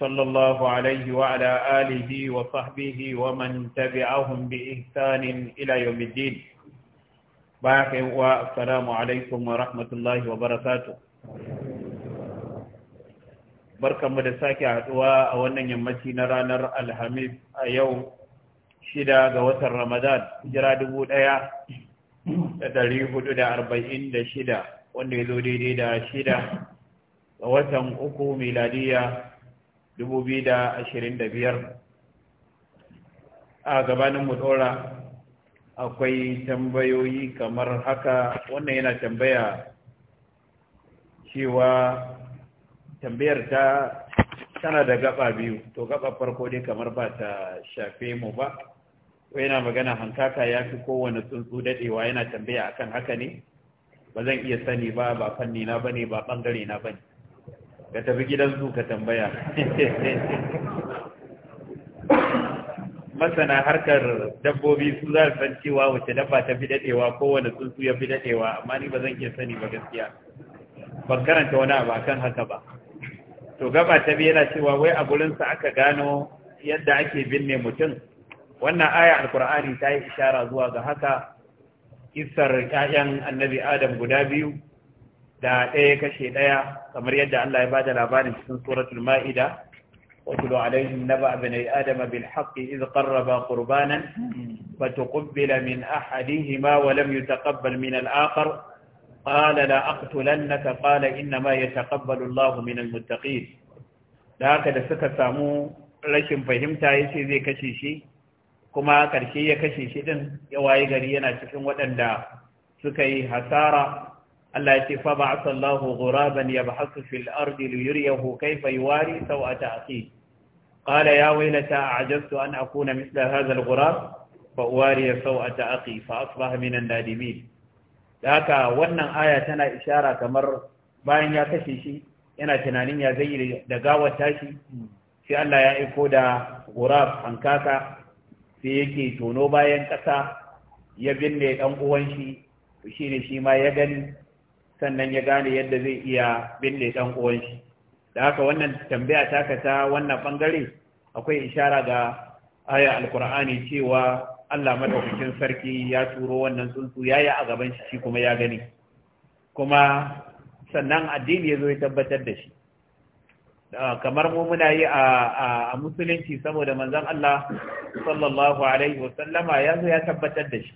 صلى الله عليه وعلى آله وصحبه ومن تبعهم بإحسان إلى يوم الدين باقي والسلام عليكم ورحمة الله وبركاته mu da sake haɗuwa a wannan yammaci na ranar alhamis a yau shida ga watan ramadan jira dubu ɗaya da dari hudu da arba'in da shida wanda ya zo daidai da shida ga watan uku miladiya Dubu biyu da ashirin 2025 a gabanin mu dora akwai tambayoyi kamar haka wannan yana tambaya cewa tambayar ta tana da gaba biyu to gaba farko dai kamar ba ta shafe mu ba yana magana hankaka ya fi kowane tsuntsu daɗewa yana tambaya akan haka ne ba zan iya sani ba ba fanni na bane ba bangare na bane ka tafi gidansu ka tambaya masana harkar dabbobi su za su san cewa wace dabba ta fi dadewa kowane tsuntsu ya fi dadewa amma ni ba zan iya sani ba gaskiya ban karanta wani abu akan haka ba to gaba ta biyu yana cewa wai a gurinsa aka gano yadda ake binne mutum wannan aya alkur'ani ta yi ishara zuwa ga haka kisar 'ya'yan annabi adam guda biyu da ɗaya kashe ɗaya kamar yadda Allah ya ba da labarin cikin suratul ma'ida واتل عليهم نبأ بني آدم بالحق إذ قربا min فتقبل من أحدهما ولم يتقبل من الآخر قال لا أقتلنك قال إنما يتقبل الله Da haka da suka samu rashin fahimta yace zai kashe shi kuma karshe ya kashe shi din ya waye gari yana cikin waɗanda suka yi hasara Allah ya ce fa ba'atha Allahu ghuraban yabhasu fil ardi liyuriyahu kayfa yuwari sawata akhi qala ya waylata a'jaztu an akuna mithla hadha al-ghurab fa uwari sawata akhi fa asbaha wannan aya tana ishara kamar bayan ya kashe shi yana tunanin ya zai da gawar tashi sai Allah ya aiko da gurab hankaka sai yake tono bayan ƙasa ya binne dan uwan shi shi ne shi ma ya gani sannan ya gane yadda zai iya binne ɗan uwan shi da haka wannan tambaya taka ta wannan bangare akwai ishara ga aya alkur'ani cewa Allah madaukakin sarki ya turo wannan tsuntsu yayi a gaban shi kuma ya gani kuma sannan addini ya zo ya tabbatar da shi kamar mu muna yi a musulunci saboda manzon Allah sallallahu alaihi wasallama ya zo ya tabbatar da shi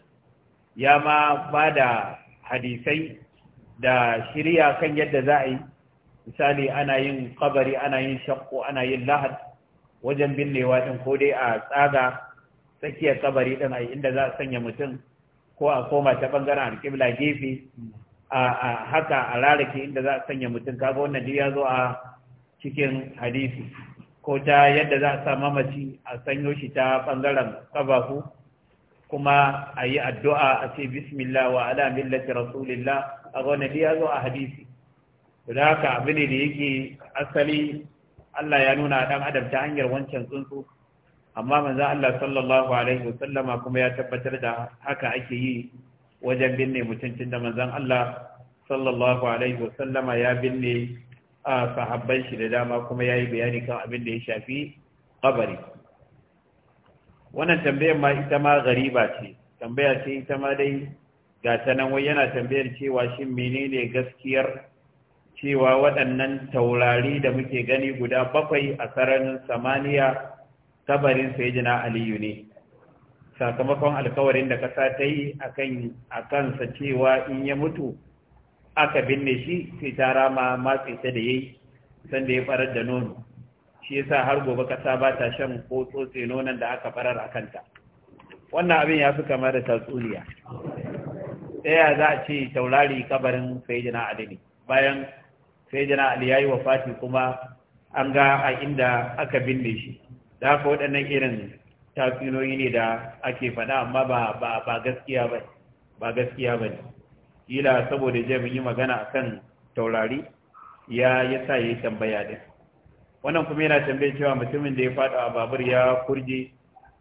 ya ma ba da hadisai da shirya kan yadda za a yi misali ana yin kabari ana yin shakko ana yin lahad wajen binnewa din ko dai a tsaga tsakiyar kabari ɗin a inda za a sanya mutum ko a koma ta bangaren alƙibla gefe a haka a rarake inda za a sanya mutum kaga wannan duk ya zo a cikin hadisi ko ta yadda za a sa mamaci a sanyo shi ta bangaren kabahu kuma a yi addu'a a ce bismillah wa ala millati rasulillah a gwamnati ya zo a hadisi da haka abu ne da yake asali Allah ya nuna dan adam ta hanyar wancan tsuntsu amma manzo Allah sallallahu alaihi wasallama kuma ya tabbatar da haka ake yi wajen binne mutuncin da manzon Allah sallallahu alaihi wasallama ya binne a sahabban shi da dama kuma ya yi bayani kan abin da ya shafi kabari wannan tambayar ma ita ma gariba ce tambaya ce ita ma dai ga wai yana tambayar cewa shin menene gaskiyar cewa waɗannan taurari da muke gani guda bakwai a sararin samaniya kabarin sayyidina aliyu ne sakamakon alkawarin da ƙasa ta yi a kansa cewa in ya mutu aka binne shi sai ta rama matse ta da yayi sanda ya farar da nono shi ya sa har gobe ƙasa ba ta shan ko tsotse nonon da aka farar a kanta wannan abin ya fi kama da tatsuniya Ɗaya za a ce taurari kabarin sayyidina ali ne bayan sai sayyidina yi wa Fati kuma an ga a inda aka binne shi da haka waɗannan irin tatsuniyoyi ne da ake faɗa amma ba ba gaskiya ba ne kila saboda je mun yi magana akan taurari ya ya sa yi tambaya din wannan kuma yana tambayar cewa mutumin da ya faɗa a babur ya kurje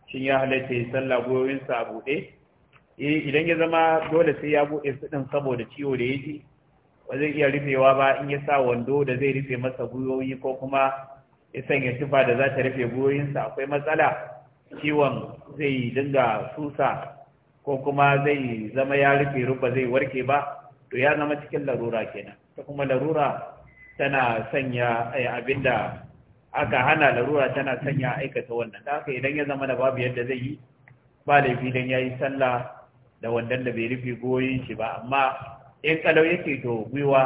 shin ya halatta sallah goyoyinsa a buɗe eh idan ya zama dole sai ya buɗe su ɗin saboda ciwo da ya ji ba zai iya rufewa ba in ya sa wando da zai rufe masa gwiwoyi ko kuma ya sanya tufa da za ta rufe gwiwoyinsa akwai matsala ciwon zai dinga susa ko kuma zai zama ya rufe ruba zai warke ba to ya zama cikin larura kenan ta kuma larura tana sanya eh, abinda aka hana larura tana sanya aikata wannan da haka idan ya zama da babu yadda zai yi ba laifi don ya yi sallah da wandan da bai rufe goyin shi ba amma in kalau yake to gwiwa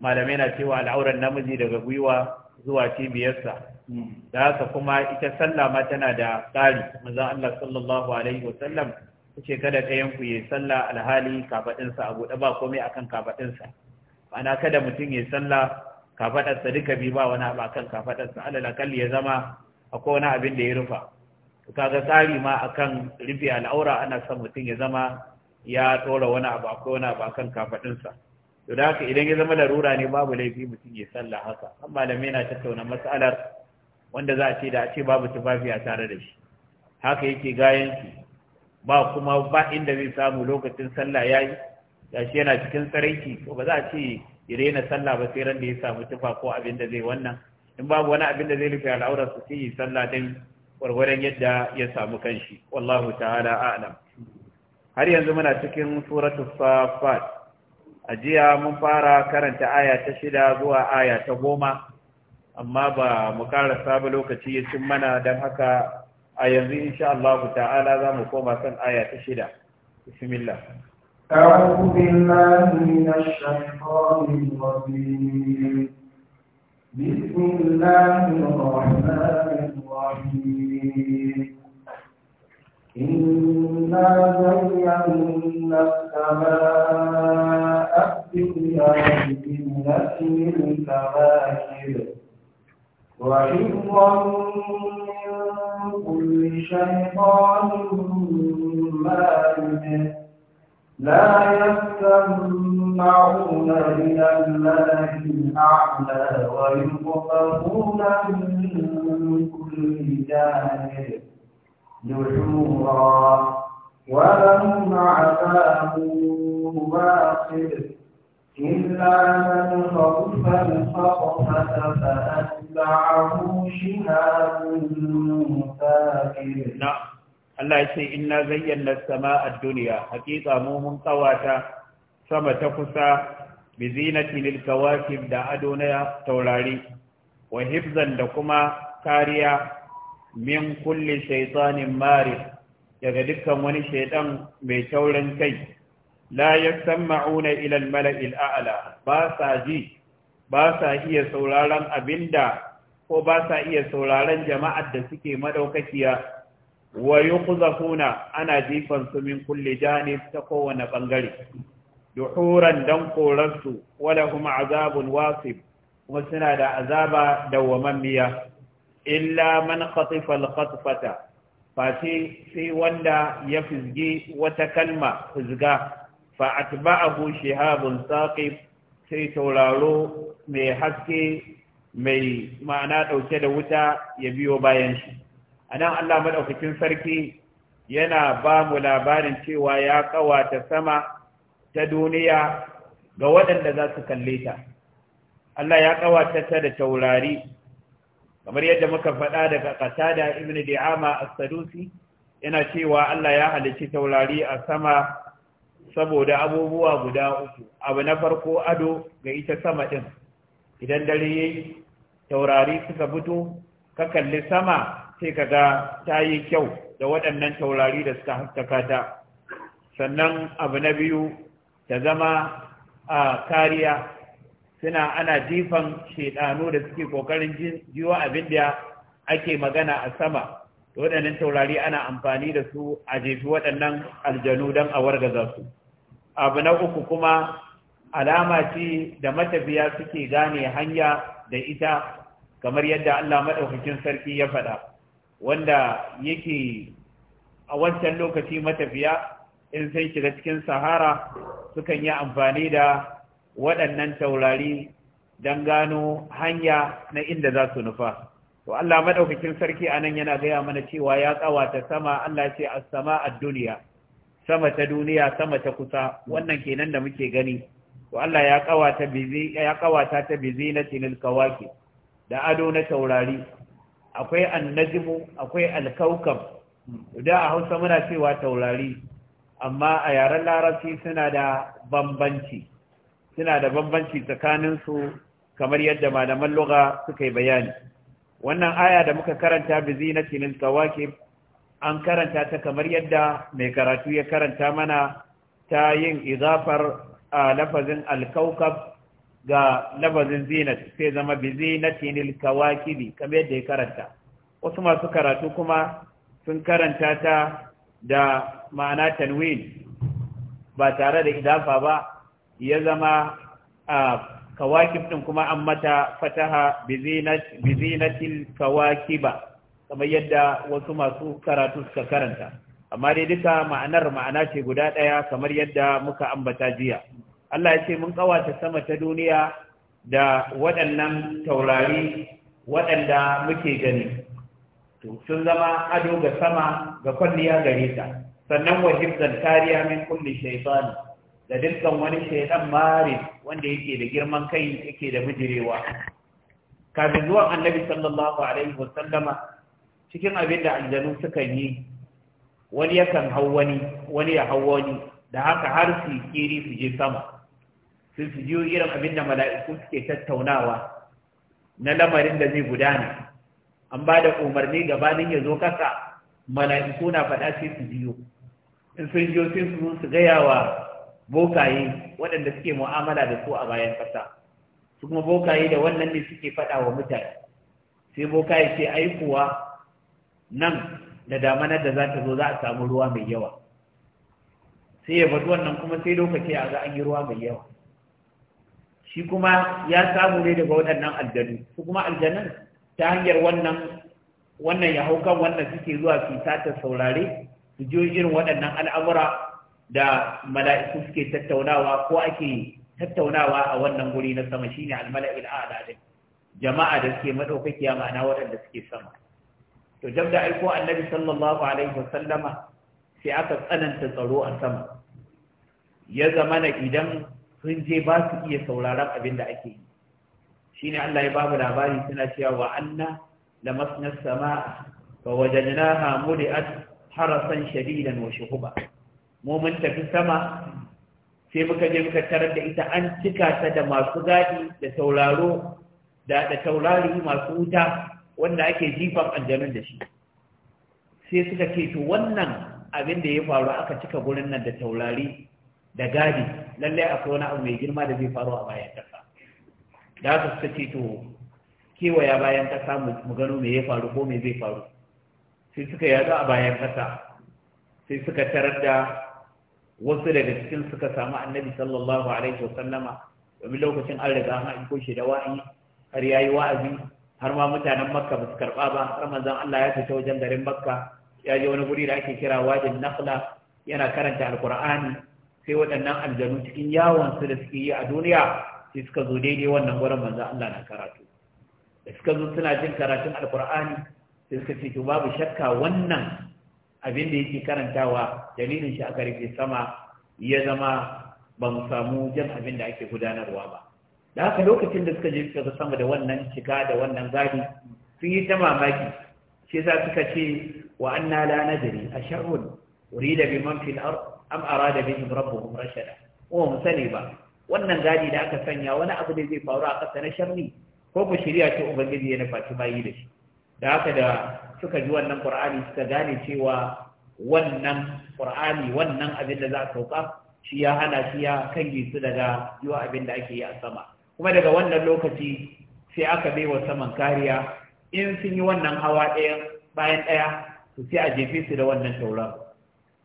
malamai na cewa al'auran namiji daga gwiwa zuwa cibiyarsa da haka kuma ita sallah ma tana da tsari manzon Allah sallallahu alaihi wasallam yace kada ka yanku yi sallah alhali sa a gode ba komai akan sa ana kada mutum ya sallah kafadarsa duka bi ba wani abu akan kafadarsa alal akalli ya zama akwai wani abin da ya rufa kaga tsari ma akan rufe al'aura ana son mutum ya zama ya tsora wani abu akwai wani abu akan kafadinsa to da haka idan ya zama larura ne babu laifi mutum ya sallah haka an malamai na tattauna matsalar wanda za a ce da a ce babu tufafi a tare da shi haka yake shi ba kuma ba inda zai samu lokacin sallah ya yi. yayi shi yana cikin tsaraiki to ba za a ce ya daina sallah ba sai ran da ya samu tufa ko abin da zai wannan in babu wani abin da zai rufe al'aura su sai yi sallah dan warwaren yadda ya samu kanshi wallahu ta'ala a'lam har yanzu muna cikin suratul safat a mun fara karanta aya ta shida zuwa aya ta goma amma ba mu karasa ba lokaci ya cin mana don haka a yanzu insha Allah ta'ala za mu koma kan aya ta shida bismillah أعوذ بالله من الشيطان الرجيم بسم الله الرحمن الرحيم إنا زينا السماء الدنيا بزينة الكواكب وحفظا من كل شيطان مارد لا يستمعون إلى الله الأعلى ويقفرون من كل جانب دحورا ولهم عذاب واصب إلا من خطف الخطفة فأتبعه شهاب ثاكر نعم Allah ya ce inna zayyana a duniya hakika mu mun kawata sama ta kusa bi zinatin lil da ado na taurari wa hifzan da kuma kariya min kulli shaytanin mari daga dukkan wani shaydan mai taurin kai la yasma'una ila al mala'il a'la ba sa ji ba sa iya sauraron abinda ko ba sa iya sauraron jama'ar da suke madaukakiya wa yuqzafuna ana jifan su min kulli janib ta kowane ɓangare. duhuran dan korarsu wala kuma azabun wasif kuma suna da azaba da dawwamammiya illa man khatifa al fati sai wanda ya fizgi wata kalma fizga fa atba'ahu shihabun saqib sai tauraro mai haske mai ma'ana ɗauke da wuta ya biyo bayan shi a nan Allah maɗaukakin sarki yana ba mu labarin cewa ya ƙawata sama ta duniya ga waɗanda za su kalle ta. Allah ya ƙawata ta da taurari, kamar yadda muka faɗa daga ƙasa da Ibn Di'ama a sadusi yana cewa Allah ya halicci taurari a sama saboda abubuwa guda uku abu na farko ado ga ita sama ɗin idan dare yayi taurari suka fito ka kalli sama sai ka ga ta yi kyau da waɗannan taurari da suka haskaka ta sannan abu na biyu ta zama a kariya suna ana jifan shaidanu da suke kokarin jiwa abin da ake magana a sama waɗannan taurari ana amfani da su a jefi waɗannan aljanu don a wargaza su abu na uku kuma alama ce da matafiya suke gane hanya da ita kamar yadda Allah maɗaukakin sarki ya faɗa wanda yake a wancan lokaci matafiya in sun shiga cikin sahara sukan yi amfani da waɗannan taurari don gano hanya na inda za su nufa to Allah maɗaukakin sarki a nan yana gaya mana cewa ya ta sama Allah ce a sama a duniya, sama ta duniya sama ta kusa wannan kenan da muke gani to Allah ya kawata bizi ya kawata ta kawaki da ado na taurari akwai annajmu akwai alkaukab da a hausa muna cewa taurari amma a yaren larabci suna da bambanci suna da bambanci tsakaninsu kamar yadda malaman lugha suka yi bayani wannan aya da muka karanta bi zinatil kawakib an karanta ta kamar yadda mai karatu ya karanta mana ta yin izafar a lafazin alkaukab ga labazin zinat sai zama bi zinatin kawakibi kamar yadda ya karanta wasu masu karatu kuma sun karanta ta da ma'ana tanwin ba tare da idafa ba ya zama a kawakib din kuma an mata fataha bi zinatil kawakiba kamar yadda wasu masu karatu suka karanta amma dai duka ma'anar ma'ana ce guda ɗaya kamar yadda muka ambata jiya Allah ya ce mun kawata sama ta duniya da waɗannan taurari waɗanda muke gani to sun zama ado ga sama ga kwalliya gare ta sannan wa hifzan kariya min kulli shaytan da dukkan wani shaytan mari wanda yake da girman kai yake da bijirewa kafin zuwan annabi sallallahu alaihi wa cikin abin da aljanu suka yi wani yakan hau wani wani ya hau wani da haka har su kiri su je sama sun su jiyo irin abin da mala'iku suke tattaunawa na lamarin da zai gudana an ba da umarni gabanin ya zo kasa mala'iku na faɗa sai su jiyo in sun jiyo sai su su gaya wa bokaye waɗanda suke mu'amala da su a bayan kasa su kuma bokaye da wannan ne suke faɗa wa mutane sai bokaye ce ai kuwa nan da damanar da za ta zo za a samu ruwa mai yawa sai ya faɗi wannan kuma sai lokaci a ga an yi ruwa mai yawa shi kuma ya samu ne daga waɗannan aljanu su kuma aljanan ta hanyar wannan wannan ya hau kan wannan suke zuwa su sata saurare su ji irin waɗannan al'amura da mala'iku suke tattaunawa ko ake tattaunawa a wannan guri na sama shine al-mala'il a'la din jama'a da suke madaukakiya ma'ana waɗanda suke sama to jab da aiko annabi sallallahu alaihi wasallama sai aka tsananta tsaro a sama ya zamana idan sun je ba su iya sauraron abin da ake yi shine Allah ya ba mu labari suna cewa wa anna lamasna samaa fa wajadnaha mudiat harasan shadidan wa shuhuba mu mun tafi sama sai muka je muka tarar da ita an cika ta da masu gadi da sauraro da da taurari masu wuta wanda ake jifan aljanun da shi sai suka ce to wannan abin da ya faru aka cika gurin nan da taurari da gadi lallai akwai wani abu mai girma da zai faru a bayan ƙasa da haka suka ce to kewaya bayan ƙasa mu gano me ya faru ko me zai faru sai suka yadu a bayan kasa, sai suka tarar da wasu daga cikin suka samu annabi sallallahu alaihi wasallama domin lokacin an riga an aiko shi da wa'ayi har yayi wa'azi har ma mutanen makka ba su karɓa ba har manzon Allah ya fita wajen garin makka ya je wani guri da ake kira wajin nakhla yana karanta alqur'ani sai waɗannan aljanu cikin yawon su da suke yi a duniya sai suka zo daidai wannan gurin manzo Allah na karatu da suka zo suna jin karatun alkur'ani sai suka ce to babu shakka wannan abin da yake karantawa dalilin shi aka rufe sama ya zama ba mu samu jan abin da ake gudanarwa ba da haka lokacin da suka je suka zo sama da wannan shiga da wannan gadi sun yi ta mamaki shi za suka ce wa anna la nadri a urida bi man fil ard am arada bihim rabbuhum rashada ko mu sani ba wannan gadi da aka sanya wani abu da zai faru a ƙasa na sharri ko ku shirya ce ubangiji ya nufa su bayi da shi da haka da suka ji wannan qur'ani suka gane cewa wannan qur'ani wannan abin da za a sauka shi ya hana shi ya kange su daga yiwa abin da ake yi a sama kuma daga wannan lokaci sai aka bai wa saman kariya in sun yi wannan hawa ɗaya bayan ɗaya to sai a jefe su da wannan tauraro.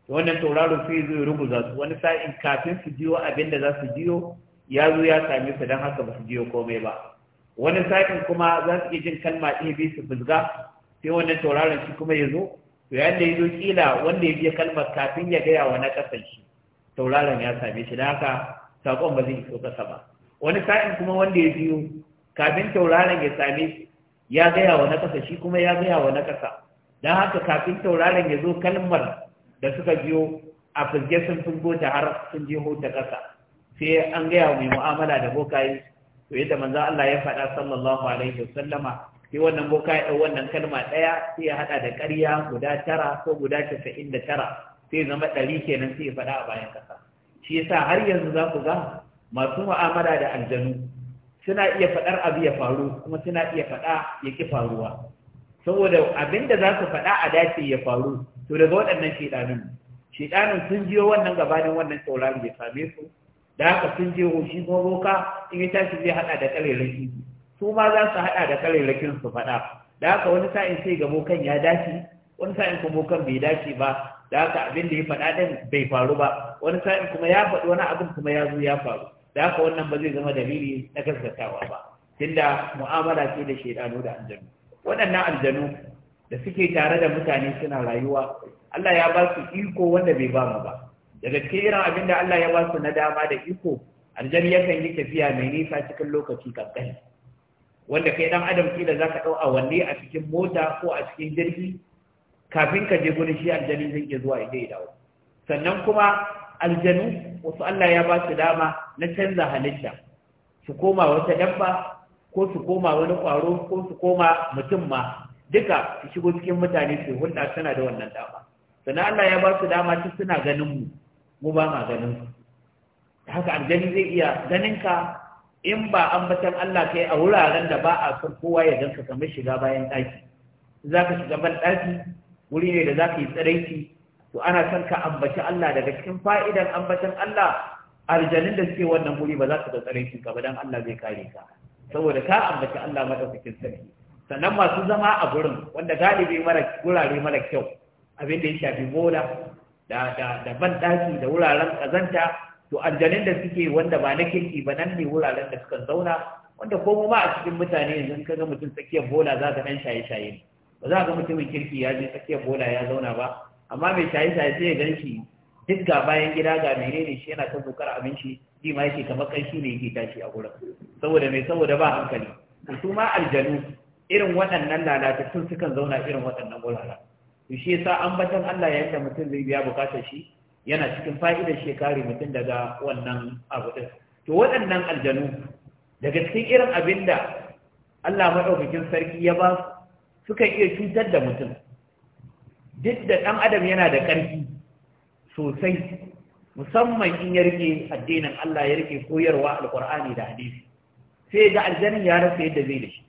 wannan tauraro sai zo ya ruguza su wani sa'in kafin su jiyo abin da za su jiyo ya zo ya same su don haka ba su jiyo komai ba wani sa'in kuma za su iya jin kalma ɗaya bi su fuzga sai wannan tauraron shi kuma ya zo to yayin da ya zo kila wanda ya biya kalmar kafin ya gaya wa na ƙasan shi tauraron ya same shi don haka saƙon ba zai iso ƙasa ba wani sa'in kuma wanda ya biyo kafin tauraron ya same shi ya gaya wa na ƙasa shi kuma ya gaya wa na ƙasa don haka kafin tauraron ya zo kalmar da suka biyo a firge sun har sun je ta ƙasa sai an gaya mai mu'amala da bokaye to yadda manzan Allah ya faɗa sallallahu alaihi wasallama sai wannan bokaye ɗau wannan kalma ɗaya sai ya haɗa da ƙarya guda tara ko guda casa'in da tara sai zama ɗari kenan sai ya faɗa a bayan ƙasa shi yasa har yanzu za ku ga masu mu'amala da aljanu suna iya faɗar abu ya faru kuma suna iya faɗa ya ƙi faruwa saboda abinda za su faɗa a dace ya faru to daga waɗannan shedanin shedanin sun jiyo wannan gabanin wannan sauraron ya same su da haka sun je hoshi ko roka in ya tashi zai haɗa da karerraki su ma za su haɗa da karerrakin su faɗa da haka wani sa'in sai ga bokan ya dace wani sa'in kuma bokan bai dace ba da haka abin da ya faɗa ɗin bai faru ba wani sa'in kuma ya faɗi wani abin kuma ya zo ya faru da haka wannan ba zai zama dalili na gaskatawa ba tunda mu'amala ce da shaidanu da anjanu waɗannan aljanu da suke tare da mutane suna rayuwa Allah ya ba su iko wanda bai ba mu ba daga cikin irin abin da Allah ya ba su na dama da iko aljani yakan yi tafiya mai nisa cikin lokaci kankani wanda kai dan adam kila za ka ɗau awanni a cikin mota ko a cikin jirgi kafin ka je gurin shi aljani zai iya zuwa idan ya dawo sannan kuma aljanu wasu Allah ya ba su dama na canza halitta su koma wata dabba ko su koma wani ƙwaro ko su koma mutum ma duka su shigo cikin mutane su hulɗa suna da wannan dama sannan Allah ya ba su dama su suna ganin mu mu ba ma ganin su haka aljani zai iya ganin ka in ba ambatan Allah kai a wuraren da ba a son kowa ya ganka kamar shiga bayan ɗaki za ka shiga ban ɗaki wuri ne da za ka yi tsaraici? to ana son ka ambaci Allah daga cikin fa'idan ambatan Allah aljanin da suke wannan wuri ba za su ga tsiraicin ka ba dan Allah zai kare ka saboda ka ambaci Allah madaukakin sarki sannan masu zama a gurin wanda galibi mara gurare mara kyau abin da ya shafi bola da da da ban daki da wuraren kazanta to aljanin da suke wanda ba na kirki ba nan ne wuraren da suka zauna wanda ko ma a cikin mutane idan ka ga mutum tsakiyar bola za ka dan shaye-shaye ba za ka ga mutumin kirki ya je tsakiyar bola ya zauna ba amma mai shaye-shaye sai ya gan shi duk ga bayan gida ga menene shi yana ta dokar abinci shi ma yake kamar shi ne yake tashi a gurin saboda mai saboda ba hankali su ma aljanu irin waɗannan lalatattun sukan zauna irin waɗannan wuraren to shi yasa ambatan Allah ya yanda mutum zai biya bukatar shi yana cikin fa'idar shi kare mutum daga wannan abu din to waɗannan aljanu daga cikin irin abin da Allah madaukakin sarki ya ba su suka iya cutar da mutum duk da ɗan adam yana da ƙarfi sosai musamman in ya rike addinin Allah ya rike koyarwa alkur'ani da hadisi sai ga aljanin ya rasa yadda zai da shi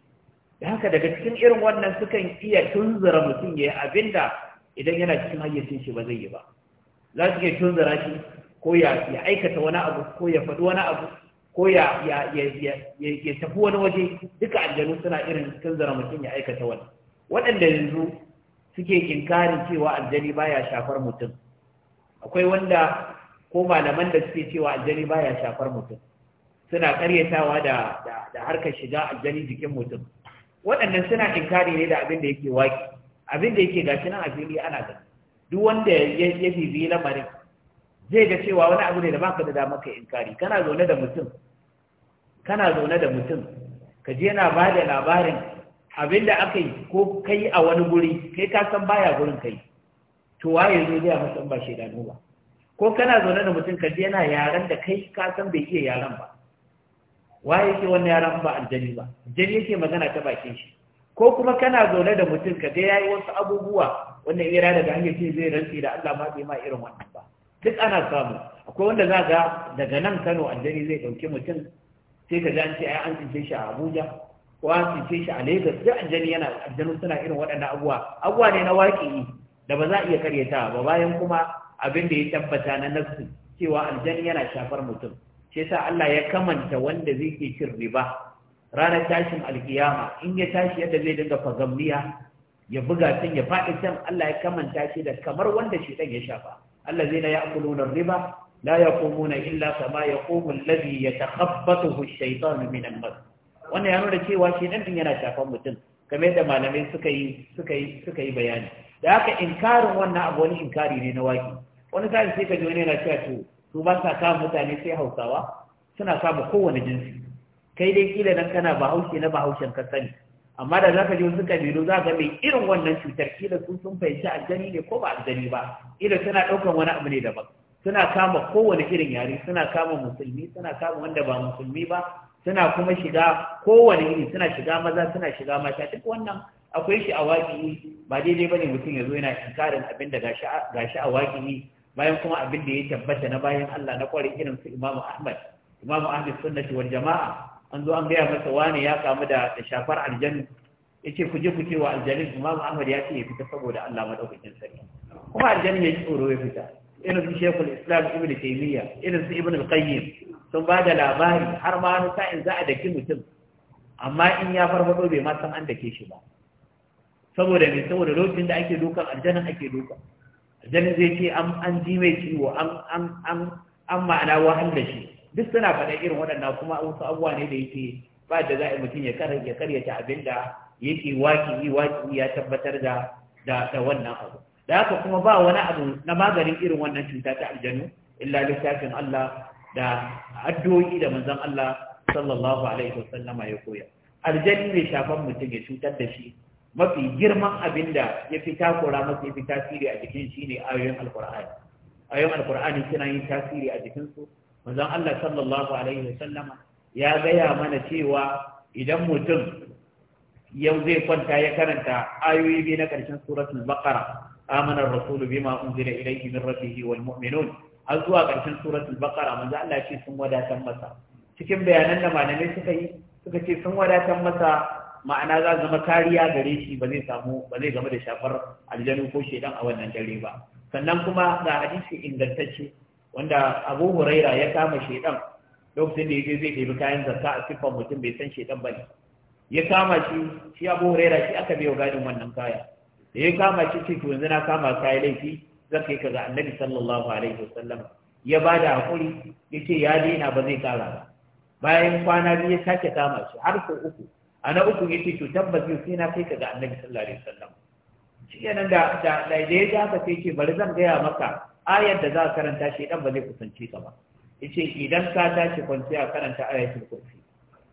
da haka daga cikin irin wannan sukan iya tunzura mutum ya yi abinda idan yana cikin hayyacin shi ba zai yi ba za su iya tunzura shi ko ya aikata wani abu ko ya faɗi wani abu ko ya tafi wani waje duka aljanu suna irin tunzura mutum ya aikata wani waɗanda yanzu suke inkarin cewa aljani baya shafar mutum akwai wanda ko malaman da suke cewa aljani baya shafar mutum suna karyatawa da da harkar shiga aljani jikin mutum waɗannan suna inkari ne da abin da yake waki abin da yake gashi nan a fili ana gani duk wanda ya bibi lamarin zai ga cewa wani abu ne da baka da dama ka inkari kana zaune da mutum kana zaune da mutum ka je yana ba da labarin abin da aka yi ko kai a wani guri kai ka san baya gurin kai to waye zai gaya masa ba shi shaidanu ba ko kana zaune da mutum kaje yana yaren da kai ka san bai iya yaren ba waye ke wannan yaran ba aljani ba jini yake magana ta bakin shi ko kuma kana zaune da mutum kaje yayi wasu abubuwa wannan ira daga hanyar ce zai rantsi da Allah ba bai ma irin wannan ba duk ana samu akwai wanda za ga daga nan Kano aljani zai dauki mutum sai ka ji an ce ai an tsince shi a Abuja ko an tsince shi a Lagos duk aljani yana aljanu suna irin waɗannan abubuwa abubuwa ne na waƙi da ba za a iya karyata ba bayan kuma abin da ya tabbata na nafsi cewa aljani yana shafar mutum shi yasa Allah ya kamanta wanda zai ke cin riba ranar tashin alkiyama in ya tashi yadda zai dinga fagamniya ya buga tun ya faɗi can Allah ya kamanta shi da kamar wanda shi ya shafa Allah zai na ya'kuluna riba لا يقومون إلا كما يقوم الذي يتخبطه الشيطان من المس wannan ya nuna cewa shi din yana shafar mutum game da malamai suka yi suka yi suka yi bayani da haka inkarin wannan abu wani inkari ne na waki wani sa'in sai ka ji wani yana cewa to su ba sa kama mutane sai hausawa suna kama kowane jinsi kai dai kila nan kana bahaushe na bahaushen ka sani amma da za ka ji wasu kabilu za ga mai irin wannan cutar kila su sun fahimci aljani ne ko ba aljani ba ila suna ɗaukan wani abu ne daban suna kama kowane irin yare suna kama musulmi suna kama wanda ba musulmi ba suna kuma shiga kowane iri suna shiga maza suna shiga mata duk wannan akwai shi a waƙi ba daidai bane mutum ya zo yana inkarin abin da gashi a waƙi bayan kuma abin da ya tabbata na bayan Allah na kwarin irin su Imam Ahmad Imam Ahmad sunnati wal jama'a an zo an gaya masa wani ya kamu da shafar aljanna yace ku je ku ce wa aljanna Imam Ahmad ya ce ya fita saboda Allah madaukakin sarki kuma aljanna ya tsoro ya fita irin su Sheikhul Islam Ibn Taymiyyah irin su Ibn Al-Qayyim sun ba da labari har ma wani in za a daki mutum amma in ya farfado bai ma san an dake shi ba saboda mai saboda lokacin da ake dokan aljanin ake doka aljanin zai ce an ji mai ciwo an ma'ana wahal da shi duk suna faɗa irin waɗannan kuma wasu abubuwa ne da yake ba da za a mutum ya karyata abin da yake yi waƙi ya tabbatar da da wannan abu da haka kuma ba wani abu na maganin irin wannan cuta ta aljanu illa littafin Allah da addu'o'i da manzon Allah sallallahu alaihi wasallama ya koya aljani mai shafan mutum ya cutar da shi mafi girman abin da ya fi takura mafi ya fi tasiri a jikin shi ne ayoyin alkur'ani ayoyin alkur'ani suna yin tasiri a jikinsu manzon Allah sallallahu alaihi wa sallama ya gaya mana cewa idan mutum yau zai kwanta ya karanta ayoyi biyu na ƙarshen suratul baqara amana rasulu bima unzila ilayhi min rabbihi wal mu'minun har zuwa ƙarshen suratul baqara manzo Allah ce sun wadatar masa cikin bayanan da malamai suka yi suka ce sun wadatar masa ma'ana za zama kariya gare shi ba zai samu ba zai game da shafar aljanu ko shedan a wannan dare ba sannan kuma ga hadisi ingantacce wanda Abu Huraira ya kama shedan lokacin da yake zai ɗebi kayan zakka a siffar mutum bai san shedan ne. ya kama shi shi Abu Huraira shi aka biyo gadin wannan kaya da ya kama shi ce to yanzu na kama kayan laifi zaka yi kaza Annabi sallallahu alaihi wasallam ya bada hakuri yace ya daina ba zai kara ba bayan kwana biyu ya sake kama shi har sau uku a na uku yace to tabbas yau sai na kai ka ga annabi sallallahu alaihi wasallam shi kenan da da da ya ka sai ce bari zan gaya maka ayar da za ka karanta shi dan ba zai kusance ka ba yace idan ka tashi kwanciya karanta ayatul kursi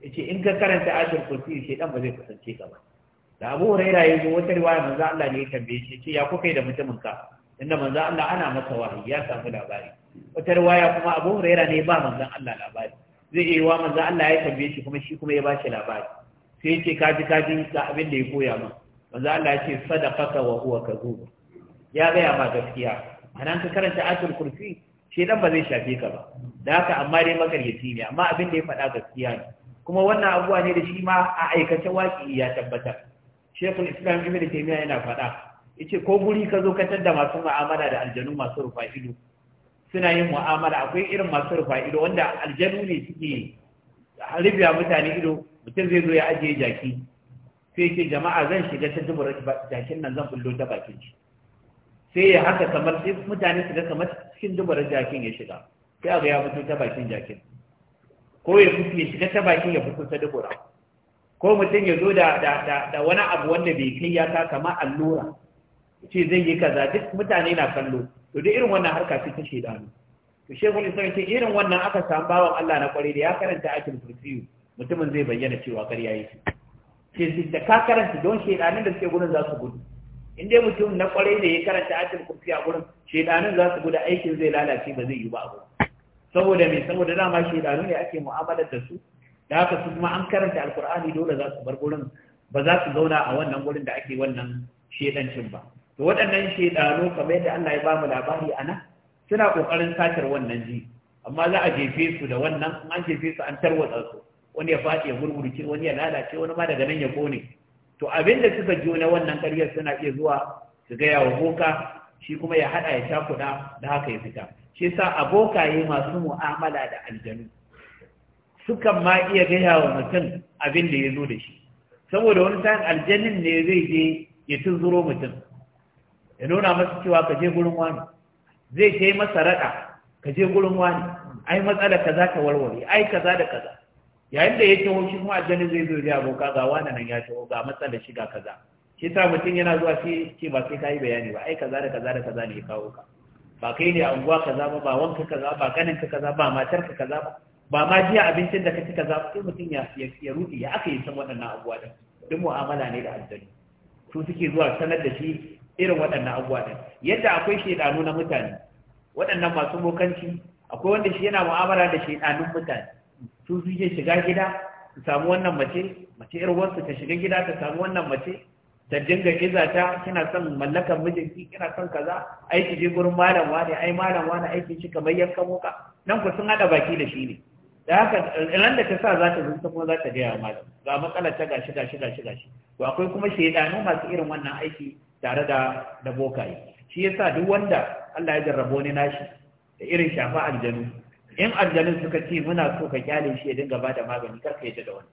yace in ka karanta ayatul kursi shi dan ba zai kusance ka ba da Abu Huraira ya zo wata riwaya manzo Allah ne ya tambaye shi yace ya kuka da mutumin ka inda manzo Allah ana masa wahayi ya samu labari wata riwaya kuma Abu Huraira ne ba manzo Allah labari zai yi wa manzo Allah ya tambaye shi kuma shi kuma ya ba shi labari sai ce kaji kaji ga abin da ya koya ma manzo Allah ya ce sadaqaka wa huwa kadhub ya ga ya ma gaskiya anan ka karanta ayatul kursi dan ba zai shafe ka ba da haka amma dai makaryaci ne amma abin da ya faɗa gaskiya ne kuma wannan abuwa ne da shi ma a aikace waki ya tabbatar shekul islam ibn taymiya yana faɗa yace ko guri ka zo ka tadda masu mu'amala da aljanu masu rufa ido suna yin mu'amala akwai irin masu rufa ido wanda aljanu ne suke rubiya mutane ido mutum zai zo ya ajiye jaki sai ce jama'a zan shiga ta dubura jakin nan zan bullo ta bakin shi sai ya haka kamar sai mutane su ga kamar cikin dubura jakin ya shiga sai a ga ya fito ta bakin jakin ko ya fito ya shiga ta bakin ya fito ta dubura ko mutum ya zo da da da wani abu wanda bai kai ya ka kamar allura ce zai yi kaza duk mutane na kallo to duk irin wannan harka ce ta shaidanu to ne sai ce irin wannan aka samu bawan Allah na kwarai da ya karanta ayatul kursiyu mutumin zai bayyana cewa ƙarya yake sai da ka karanta don shedanin da suke gurin za gudu in dai mutum na kwarai ne ya karanta ayatul kursi a gurin shedanin za su gudu aikin zai lalace ba zai yi ba a saboda me saboda dama shedanu ne ake mu'amalar da su da haka su kuma an karanta alkur'ani dole za su bar gurin ba za su zauna a wannan gurin da ake wannan shedancin ba to waɗannan shedanu kamar yadda Allah ya ba mu labari a nan suna kokarin satar wannan ji amma za a jefe su da wannan an jefe su an tarwatsa su wani ya faɗi ya gurgurce wani ya lalace wani ma daga nan ya kone to abin da suka ji na wannan ƙaryar suna iya zuwa su gaya wa boka shi kuma ya haɗa ya sha kuɗa da haka ya fita shi yasa abokaye masu mu'amala da aljanu sukan ma iya gaya wa mutum abin da ya zo da shi saboda wani sa'in aljanin ne zai je ya tunzuro mutum ya nuna masa cewa ka je gurin wani zai ce masa raɗa ka je gurin wani ai matsala kaza ka warware ai kaza da kaza yayin da ya taho shi kuma aljanna zai zo ya boka ga wani nan ya taho ga matsalar da shiga kaza shi sa mutum yana zuwa sai ce ba sai ka yi bayani ba ai kaza da kaza da kaza ne ya kawo ka ba kai ne a kaza ba ba wanka kaza ba kanin ka kaza ba matar ka kaza ba ba ma jiya abincin da kake kaza ba sai mutum ya ya rudi ya aka yi san waɗannan abubuwa da duk mu'amala ne da aljanna su suke zuwa sanar da shi irin waɗannan abubuwa da yadda akwai shedanu na mutane waɗannan masu bokanci akwai wanda shi yana mu'amala da shedanun mutane su suke shiga gida su samu wannan mace mace yar wasu ta shiga gida ta samu wannan mace ta dinga iza ta kina son mallakan mijinki kina son kaza aiki je gurin malam wani ai malam wani aiki shi kamar yanka moka nan ku sun hada baki da shi ne da haka ran da ta sa za ta zunta kuma za ta gaya malam ga matsalar ta gashi gashi gashi gashi to akwai kuma shedanu masu irin wannan aiki tare da da bokaye shi yasa duk wanda Allah ya jarrabo ne nashi da irin shafa aljanu in aljanun suka ce muna so ka kyale shi ya dinga da magani kar ka yi da wani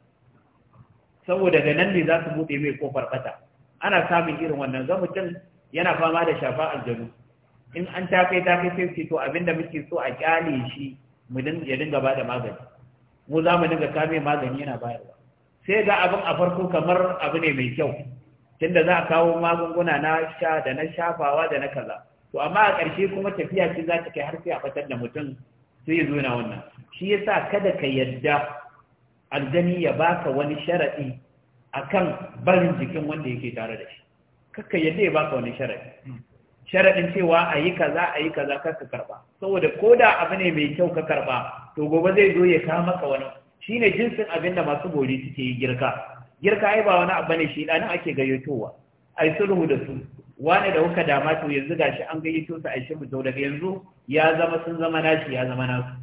saboda da nan ne za su buɗe mai kofar ɓata ana samun irin wannan ga mutum yana fama da shafa aljanu in an ta kai ta kai sai su to abinda muke so a kyale shi mu ya dinga ba magani mu za mu dinga kame magani yana bayarwa sai ga abin a farko kamar abu ne mai kyau tunda za a kawo magunguna na sha da na shafawa da na kaza to amma a ƙarshe kuma tafiya ce za ta kai har sai a fatar da mutum sai ya zo wannan shi yasa kada ka yadda aljani ya baka wani sharadi akan barin jikin wanda yake tare da shi kakka yadda ya baka wani sharadi sharadin cewa a yi kaza a yi kaza kakka karba saboda koda abu ne mai kyau ka karba to gobe zai zo ya ka maka wani shine jinsin abin da masu gori suke yi girka girka ai ba wani abu ne shi ɗanin ake gayyatowa ai sulhu da su wane da kuka dama to yanzu shi an gayyato su a shi mu daga yanzu ya zama sun zama nashi ya zama nasu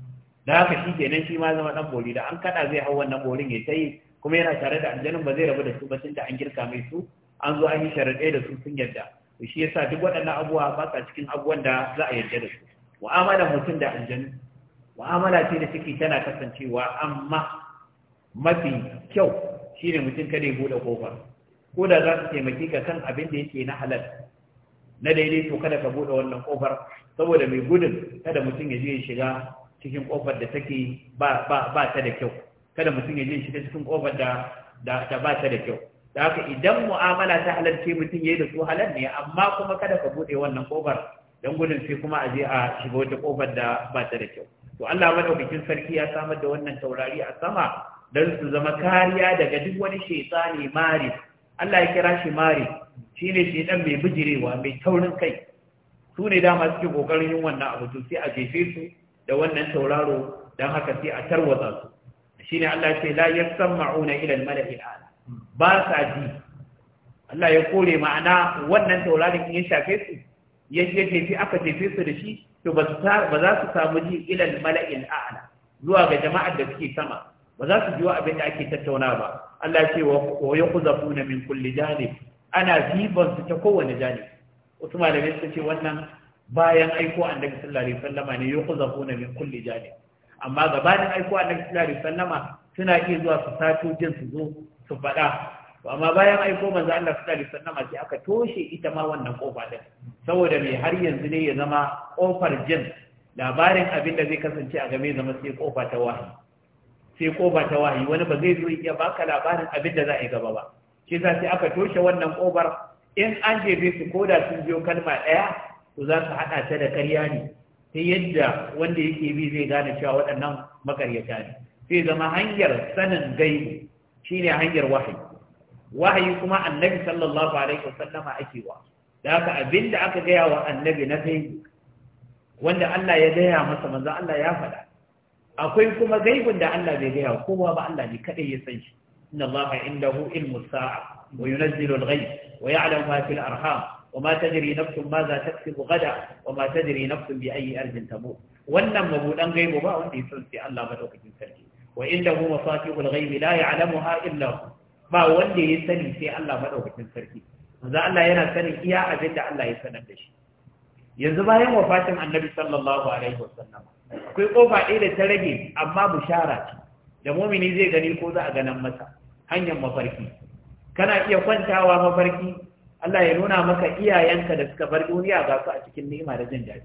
da haka shi kenan shi ma zama dan bori da an kada zai hau wannan borin ya tayi kuma yana tare da aljanin ba zai rabu da su ba tunda an girka mai su an zo an yi sharaɗe da su sun yarda to shi yasa duk waɗannan abubuwa ba sa cikin abubuwan da za a yarda da su mu'amala mutum da aljanu mu'amala ce da ciki tana kasancewa amma mafi kyau shine mutum kada ya bude kofa ko da za su taimaki ka kan abin da yake na halal na daidai to kada ka bude wannan kofar saboda mai gudun kada mutum ya je ya shiga cikin kofar da take ba ba ba ta da kyau kada mutum ya je ya shiga cikin kofar da da ba ta da kyau da haka idan mu'amala ta halarce mutum yayi da su halal ne amma kuma kada ka bude wannan kofar dan gudun sai kuma a je a shiga wata kofar da ba ta da kyau to Allah madaukakin sarki ya samar da wannan taurari a sama don su zama kariya daga duk wani shaytani maris Allah ya kira shi mare shi ne shi dan mai bijirewa mai taurin kai su ne dama suke ƙoƙarin yin wannan abu to sai a jefe su da wannan tauraro don haka sai a tarwatsa su shi ne Allah ce la ya san ma'una ilal mala'i ala ba sa ji Allah ya kore ma'ana wannan taurarin in ya shafe su ya jefe aka jefe su da shi to ba za su samu ji ilal mala'i ala zuwa ga jama'ar da suke sama ba za su ji wa abin da ake tattauna ba Allah ce wa yukhzafuna min kulli jani ana ziban su ta kowane jani wasu malamai suka ce wannan bayan aiko annabi sallallahu alaihi sallama ne yukhzafuna min kulli jani amma gabanin aiko annabi sallallahu alaihi sallama suna iya zuwa su sato jin su zo su faɗa amma bayan aiko manzo Allah sallallahu alaihi wasallama sai aka toshe ita ma wannan kofa din saboda me har yanzu ne ya zama kofar jin labarin abin da zai kasance a game da masu kofa ta wahayi sai kofa ta wahayi wani ba zai zo ya baka labarin abin da za a yi gaba ba shi za sai aka toshe wannan kobar in an jefe su ko da sun biyo kalma ɗaya to za su haɗa ta da ƙarya ne ta yadda wanda yake bi zai gane cewa waɗannan makaryata ne sai zama hanyar sanin gaibu shine hanyar wahayi wahayi kuma annabi sallallahu alaihi wasallama ake wa da haka abinda aka gaya wa annabi na gaibu wanda Allah ya gaya masa manzo Allah ya faɗa akwai kuma gaibin da Allah bai gaya kowa ba Allah ne kadai ya san shi inna Allah indahu ilmu sa'a wa yunazzilu al-ghayb wa ya'lamu ma fil arham wa ma tajri nafsun ma za taksubu gada wa ma tajri nafsun bi ayyi ardin tamut wannan mabudan gaibo ba wanda ya san sai Allah madaukakin sarki wa indahu mafatihul ghaibi la ya'lamuha illa hu ba wanda ya sani sai Allah madaukakin sarki manzo Allah yana sanin iya abin da Allah ya sanar da shi yanzu bayan wafatin Annabi sallallahu alaihi wasallam akwai ƙofa ɗaya da ta rage amma bushara ce da mumini zai gani ko za a ganin masa hanyar mafarki kana iya kwantawa mafarki Allah ya nuna maka iyayenka da suka bar duniya ga su a cikin ni'ima da jin daɗi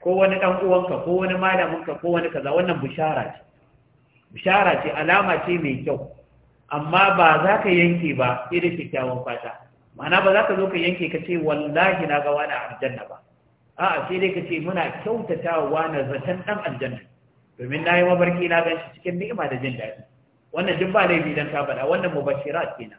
ko wani ɗan uwanka ko wani malaminka ko wani kaza wannan bushara ce bushara ce alama ce mai kyau amma ba za ka yanke ba sai da kyakkyawan fata ma'ana ba za ka zo ka yanke ka ce wallahi na ga wani aljanna ba a'a sai dai ka ce muna kyautatawa na zaton dan aljanna domin nayi mabarki na ganshi cikin ni'ima da jin daɗi wannan duk ba laifi dan ka faɗa wannan mubashirat kenan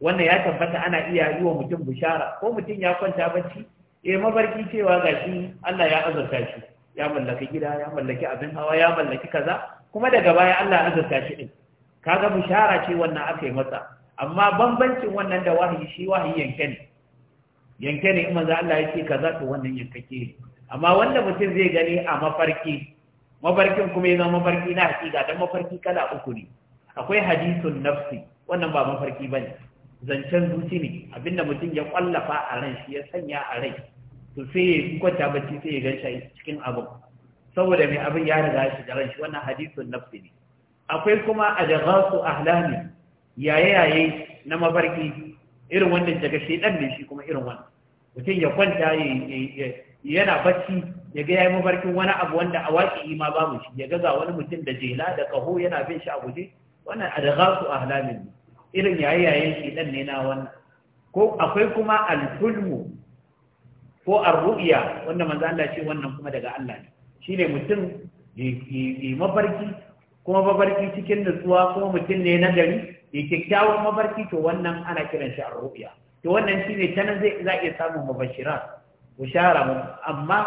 wannan ya tabbata ana iya yi wa mutum bushara. ko mutum ya kwanta bacci eh mabarki cewa gashi Allah ya azurta shi ya mallaki gida ya mallaki abin hawa ya mallaki kaza kuma daga baya Allah ya azurta shi din kaga bushara ce wannan aka yi masa amma bambancin wannan da wahayi shi wahayi yanke ne yanke ne in manzo Allah ya ce za to wannan yankake amma wanda mutum zai gani a mafarki mafarkin kuma ya zama mafarki na hakika don mafarki kala uku ne akwai hadisun nafsi wannan ba mafarki ba ne. zancen zuci ne abinda mutum ya kwallafa a ran shi ya sanya a rai to sai ya kwanta bacci sai ya gan shi cikin abin saboda mai abin ya riga shi da ran shi wannan hadisun nafsi ne akwai kuma a da ahlani yaye yaye na mafarki irin wannan daga shedan ne shi kuma irin wannan mutum ya kwanta yana bacci ya ga yayi mafarkin wani abu wanda a waƙi ma babu shi ya ga wani mutum da jela da kaho yana bin shi a guje wannan adghasu ahlamin irin shi shedan ne na wannan ko akwai kuma al-hulmu ko ar-ru'ya wanda manzo Allah ce wannan kuma daga Allah ne shine mutum yi mafarki kuma mafarki cikin nutsuwa kuma mutum ne na gari Da kyakkyawan mabarki to wannan ana kiran shi arru'ya to wannan shine tanan zai za iya samun mabashira bushara amma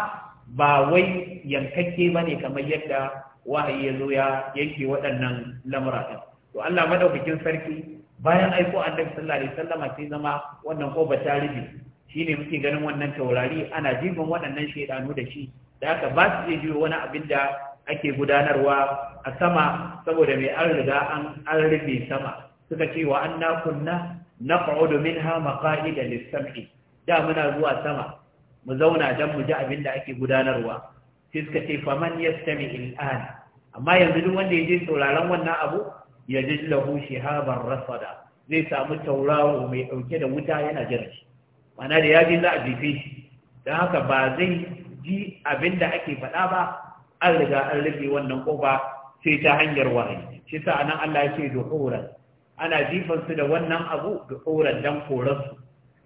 ba wai yankakke ne kamar yadda wahayi ya zo ya yanke waɗannan lamura ɗin to Allah madaukakin sarki bayan aiko annabi sallallahu alaihi wasallama sai zama wannan ko ta rubi shine muke ganin wannan taurari ana jibin waɗannan shaidanu da shi da haka ba su iya jiyo wani abin da ake gudanarwa a sama saboda mai an riga an rufe sama suka ce wa na kunna na minha maqa'ida lis-sam'i da muna zuwa sama mu zauna dan mu ji abin da ake gudanarwa sai suka ce faman yastami al-an amma yanzu duk wanda ya je sauraren wannan abu ya ji lahu habar rasada zai samu tauraro mai ɗauke da wuta yana jira shi mana da yaji za a jefe shi Don haka ba zai ji abin da ake faɗa ba an riga an rufe wannan kofa sai ta hanyar wahayi shi sa anan Allah ya ce duhuran ana jifan su da wannan abu ga tsoron dan koransu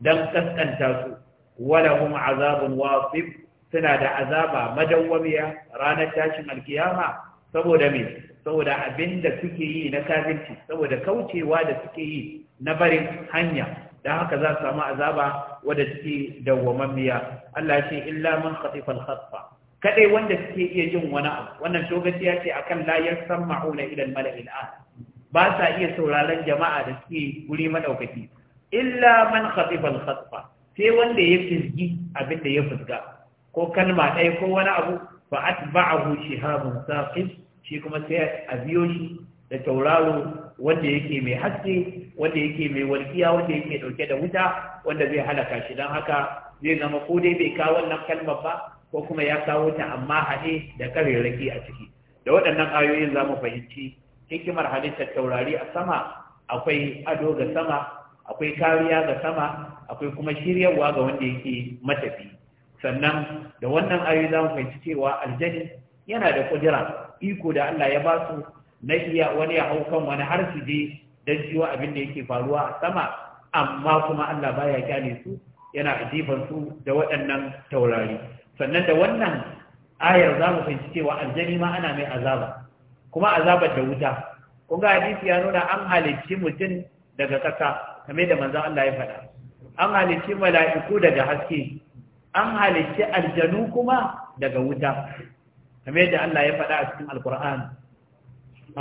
dan kaskanta su wala hum azabun wasif suna da azaba madawwamiya ranar tashin alkiyama saboda me saboda abin da suke yi na kafirci saboda kaucewa da suke yi na barin hanya dan haka za su samu azaba wadda suke dawwamammiya Allah ce illa man khatifa al kadai wanda suke iya yin wani abu wannan togaci ya ce akan la yasamma'una ila al-mala'il a'la ba sa iya sauraron jama'a da suke guri madaukaki illa man khatifa al-khatfa sai wanda ya fizgi abin da ya fizga ko kalma ɗaya ko wani abu fa atba'ahu shihabun saqif shi kuma sai a biyo shi da tauraro wanda yake mai haske wanda yake mai walkiya wanda yake ɗauke da wuta wanda zai halaka shi dan haka zai zama ko dai bai kawo wannan kalmar ba ko kuma ya kawo ta amma haɗe da karerake a ciki da waɗannan ayoyin zamu fahimci hikimar halittar taurari a sama akwai ado ga sama akwai kariya ga sama akwai kuma shiryarwa ga wanda yake matafi sannan da wannan ayoyi za mu fahimci cewa aljani yana da kudura iko da Allah ya ba su na iya wani ya hau kan wani har su je don jiwa abin da yake faruwa a sama amma kuma Allah baya kyale su yana ajiban su da waɗannan taurari sannan da wannan ayar za mu fahimci cewa aljani ma ana mai azaba kuma azabar da wuta ga hadisi ya nuna an halicci mutum daga ƙasa kamar da manzon Allah ya faɗa an halicci mala'iku daga haske an halicci aljanu kuma daga wuta kamar da Allah ya faɗa a cikin alkur'an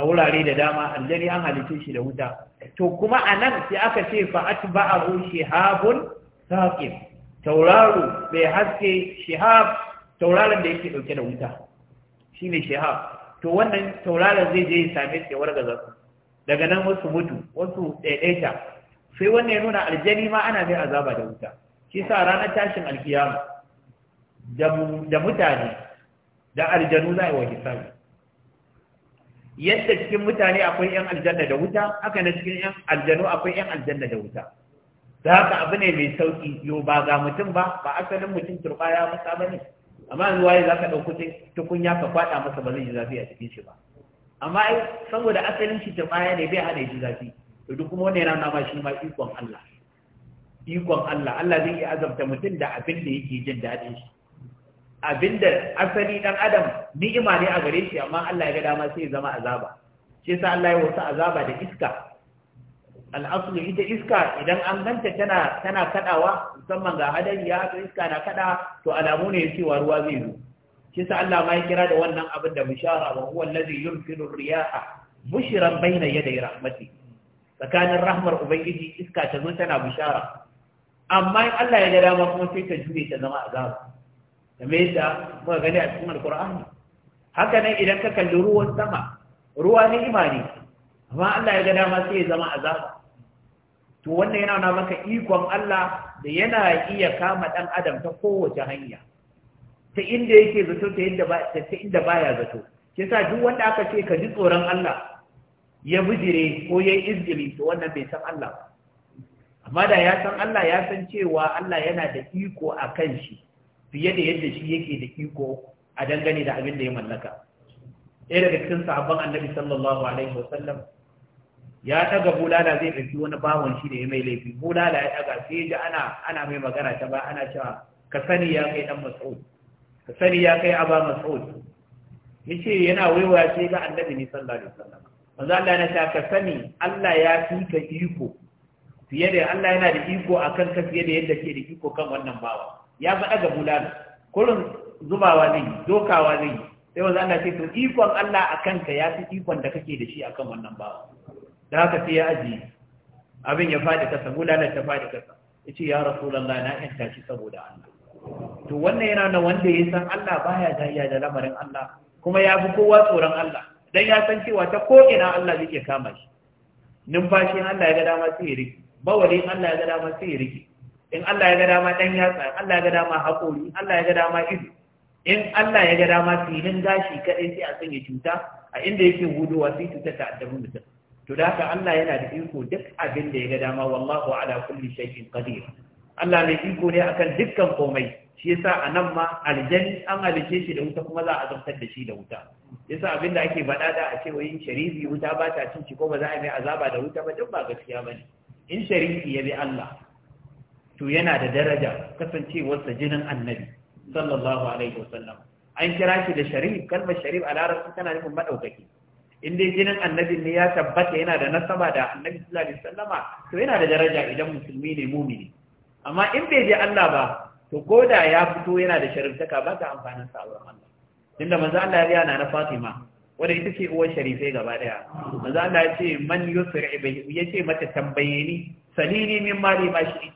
a wurare da dama aljani an halicce shi da wuta to kuma a nan sai aka ce fa atba'ahu shihabun saqib tauraro bai haske shihab tauraron da yake dauke da wuta shine shihab to wannan tauraron zai je ya same su ya wargaza daga nan wasu mutu wasu ɗaiɗaita sai wannan ya nuna aljani ma ana mai azaba da wuta shi sa ranar tashin alkiyama da mutane da aljanu za a yi wa hisabi yadda cikin mutane akwai 'yan aljanna da wuta haka na cikin 'yan aljanu akwai 'yan aljanna da wuta da haka abu ne mai sauki yau ba ga mutum ba ba asalin mutum turba ya masa ba ne amma yanzu waye za ka ɗauko tukunya ka kwaɗa masa ba zai ji zafi a cikin shi ba amma ai saboda asalin shi ta baya ne bai hana shi zafi to duk kuma wannan yana ma shi ma ikon Allah ikon Allah Allah zai iya azabta mutum da abin da yake jin daɗin shi abin da asali ɗan adam ni'ima ne a gare shi amma Allah ya ga dama sai ya zama azaba shi yasa Allah ya wasu azaba da iska al'asulu ita iska idan an ganta tana tana kadawa musamman ga hadari ya to iska na kada to alamu ne cewa ruwa zai zo shi sa Allah ma ya kira da wannan abin da bishara wa huwa allazi yunfilu riyaha bushran bayna yaday rahmati tsakanin rahmar ubangiji iska ta zo tana bishara amma in Allah ya ga dama kuma sai ta jure ta zama azaba kamar yadda muka gani a cikin alqur'ani haka nan idan ka kalli ruwan sama ruwa ni'ima ne amma Allah ya ga dama sai ya zama azaba to wannan yana na maka ikon Allah da yana iya kama ɗan adam ta kowace hanya ta inda yake zato ta inda ta inda baya zato kisa duk wanda aka ce ka ji tsoron Allah ya bijire ko yayi izgili to wannan bai san Allah amma da ya san Allah ya san cewa Allah yana da iko a kan shi fiye da yadda shi yake da iko a dangane da abin da ya mallaka ɗaya daga cikin sahabban annabi sallallahu alaihi wasallam ya daga bulala zai ɗauki wani bawon shi da ya mai laifi bulala ya daga sai ya ji ana ana mai magana ta ba ana cewa ka sani ya kai dan mas'ud ka sani ya kai aba mas'ud yace yana waiwaya sai ga annabi ne sallallahu alaihi wasallam manzo Allah yana cewa ka sani Allah ya fi ka iko fiye da Allah yana da iko akan ka fiye da yadda ke da iko kan wannan bawa ya faɗa ga bulala kullum zubawa zai dokawa zai sai manzo Allah ce to ikon Allah akan ka ya fi ikon da kake da shi akan wannan bawa da haka sai ya ajiye abin ya faɗi kasa gudanar ta faɗi kasa ya ce ya rasulallah na yanta tashi saboda Allah to wannan yana na wanda ya san Allah baya jayya da lamarin Allah kuma ya fi kowa tsoron Allah dan ya san cewa ta ko ina Allah zai kama shi numfashin Allah ya ga dama sai ya riƙe, bawali Allah ya ga dama sai ya riƙe. in Allah ya ga dama dan yatsa in Allah ya ga dama haƙori Allah ya ga dama ido in Allah ya ga dama filin gashi kadai sai a sanya cuta a inda yake gudowa sai cuta ta addabi mutum to da haka Allah yana da iko duk abin da ya ga dama wallahu ala kulli shay'in qadir Allah ne iko ne akan dukkan komai shi yasa anan ma aljanni an halice shi da wuta kuma za a zartar da shi da wuta yasa abin da ake faɗa da a cewa wayin sharifi wuta ba ta cin ko ba za a mai azaba da wuta ba duk ba gaskiya ne. in sharifi ya bi Allah to yana da daraja kasancewarsa jinin annabi sallallahu alaihi wasallam an kira shi da sharif kalmar sharif a larabci tana nufin madaukaki in dai jinin annabi ne ya tabbata yana da nasaba da annabi sallallahu alaihi wasallama to yana da daraja idan musulmi ne mumini amma in bai je Allah ba to koda ya fito yana da sharifta ba ta amfanin sa wurin Allah tunda manzo Allah ya riya na Fatima wanda ita ce uwar sharifai gaba daya manzo Allah ya ce man yusri bi yace mata tambaye ni salini min mali ma shi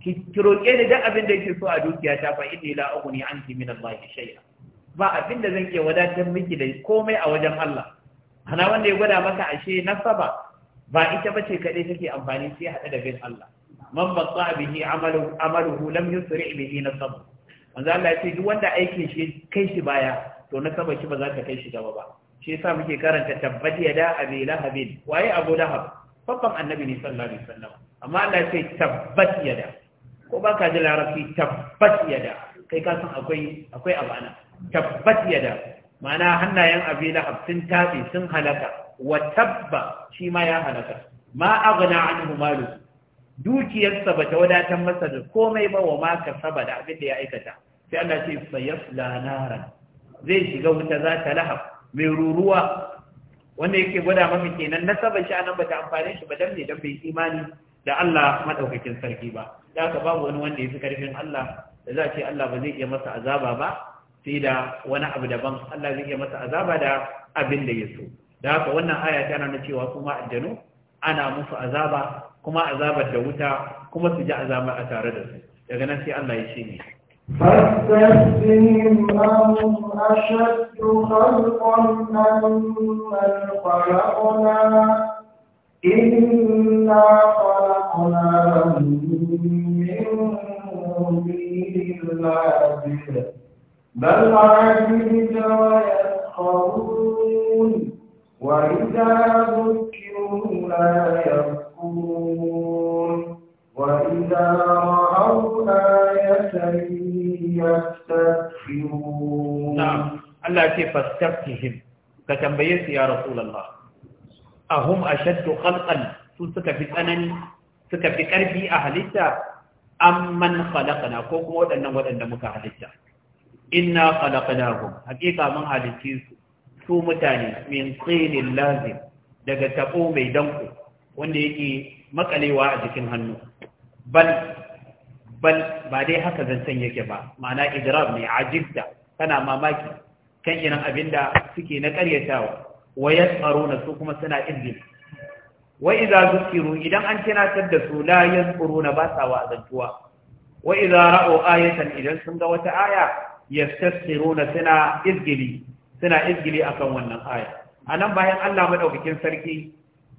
ki roke ni duk abin da yake so a dukiya ta fa inni la ughni anki min Allah shay'a ba abin da zan ke wadatar miki da komai a wajen Allah ana wanda ya gwada maka ashe nasaba ba ita bace kaɗai take amfani sai hada da bin Allah man batsa bihi amalu amaluhu lam yusri bihi nasabu manzo Allah ya ce duk wanda aikin shi kai shi baya to nasaba shi ba za ta kai shi gaba ba shi yasa muke karanta tabbat yada abi lahabin waye abu lahab fakkan annabi ne sallallahu alaihi wasallam amma Allah ya ce tabbat yada ko ba ka ji larabci tabbat yada kai ka san akwai akwai abana tabbat yada mana hannayen abi lahab sun tabi sun halaka wa tabba shi ma ya halaka ma aghna anhu malu dukiyarsa bata wadatar masa da komai ba wa maka saba da abin da ya aikata sai Allah ce fa yasla naran zai shiga wuta za ta lahab mai ruruwa wanda yake gwada maka kenan nasabar shi anan bata amfane shi ba dan ne dan bai imani da Allah madaukakin sarki ba da haka babu wani wanda ya fi karfin Allah da za a ce Allah ba zai iya masa azaba ba sai da wani abu daban Allah zai iya masa azaba da abin da ya so da haka wannan aya tana na cewa kuma aljanu ana musu azaba kuma azabar da wuta kuma su ji azabar a tare da su daga nan sai Allah ya ce ne فاستفهم أم أشد خلقا ممن خلقنا إنا خلقناهم من بل عجبت ويسخرون وإذا ذكروا لا يذكرون وإذا رأوا آية يستكبرون نعم الله كيف استفتهم كتنبيت يا رسول الله أهم أشد خلقا سكفت أنني سكفت كربي أهلتا أم من خلقنا كوكم ودنا ودنا مكهلتا inna khalaqnahum haƙiƙa mun halice su su mutane min tsinin lazim daga tabo mai danko wanda yake makalewa a jikin hannu bal bal ba dai haka zancen yake ba ma'ana idrab ne ajibta kana mamaki kan irin abin da suke na karyatawa wa yasaruna su kuma suna izin wa idza zukiru idan an tunatar da su la yasquruna ba sa zantuwa. wa idza ra'u ayatan idan sun ga wata aya yastasiruna suna izgili suna izgili akan wannan aya anan bayan Allah madaukakin sarki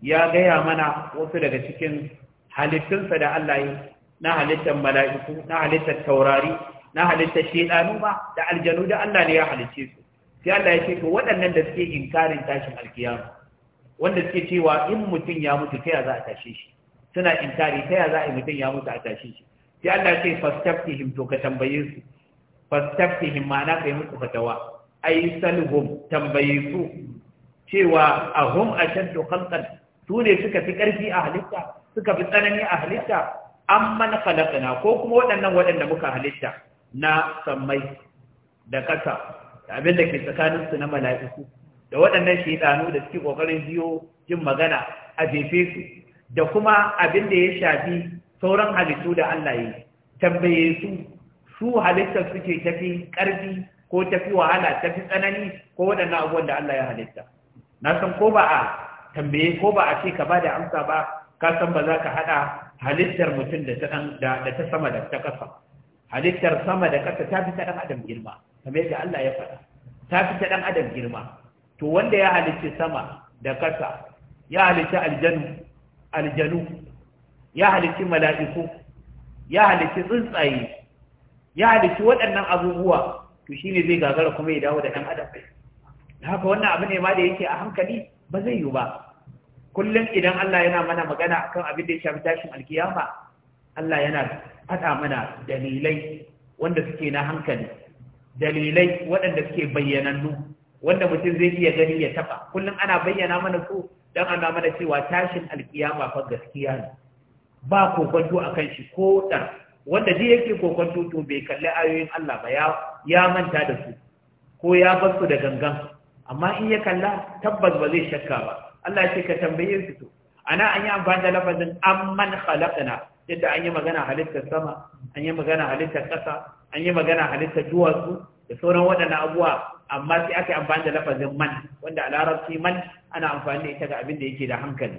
ya gaya mana wasu daga cikin halittunsa da Allah yi na halittar mala'iku na halittar taurari na halittar shedanu ba da aljanu da Allah ne ya halicce su sai Allah ya ce to waɗannan da suke inkarin tashin alkiyama wanda suke cewa in mutum ya mutu ta za a tashe shi suna inkari ta za a mutum ya mutu a tashe shi sai Allah ya ce fastaftihim to ka tambaye su fastaftihim ma'ana kai musu fatawa ai salhum tambaye su cewa ahum ashaddu khalqan su ne suka fi karfi a halitta suka fi tsanani a halitta amman khalaqna ko kuma waɗannan waɗanda muka halitta na samai da ƙasa da abin da ke tsakanin su na mala'iku da waɗannan shaidanu da suke kokarin biyo jin magana a jefe su da kuma abin da ya shafi sauran halittu da Allah ya tambaye su su halittar suke tafi ƙarfi ko tafi wahala tafi tsanani ko waɗannan abubuwan da Allah ya halitta na san ko ba a tambaye ko ba a ce ka ba da amsa ba ka san ba za ka haɗa halittar mutum da ta sama da ta ƙasa halittar sama da ƙasa ta fi ta ɗan adam girma kamar yadda Allah ya faɗa ta fi ta ɗan adam girma to wanda ya halicci sama da ƙasa ya halicci aljanu aljanu ya halicci mala'iku ya halicci tsuntsaye ya halici waɗannan abubuwa to shi ne zai gagara kuma ya dawo da ɗan adam da haka wannan abu ne ma da yake a hankali ba zai yi ba kullum idan Allah yana mana magana akan abin da ya shafi tashin alkiyama Allah yana faɗa mana dalilai wanda suke na hankali dalilai waɗanda suke bayyanannu wanda mutum zai iya gani ya taɓa kullum ana bayyana mana su don ana mana cewa tashin alkiyama fa gaskiya ne ba a kan shi ko ɗar wanda shi yake kokon tutu bai kalli ayoyin Allah ba ya manta da su ko ya bar su da gangan amma in ya kalla tabbas ba zai shakka ba Allah ce ka tambaye su to ana an yi amfani da lafazin amman khalaqna yadda an yi magana halittar sama an yi magana halittar ƙasa an yi magana halittar duwatsu da sauran waɗannan abubuwa amma sai aka yi amfani da lafazin man wanda a larabci man ana amfani da ita ga abin da yake da hankali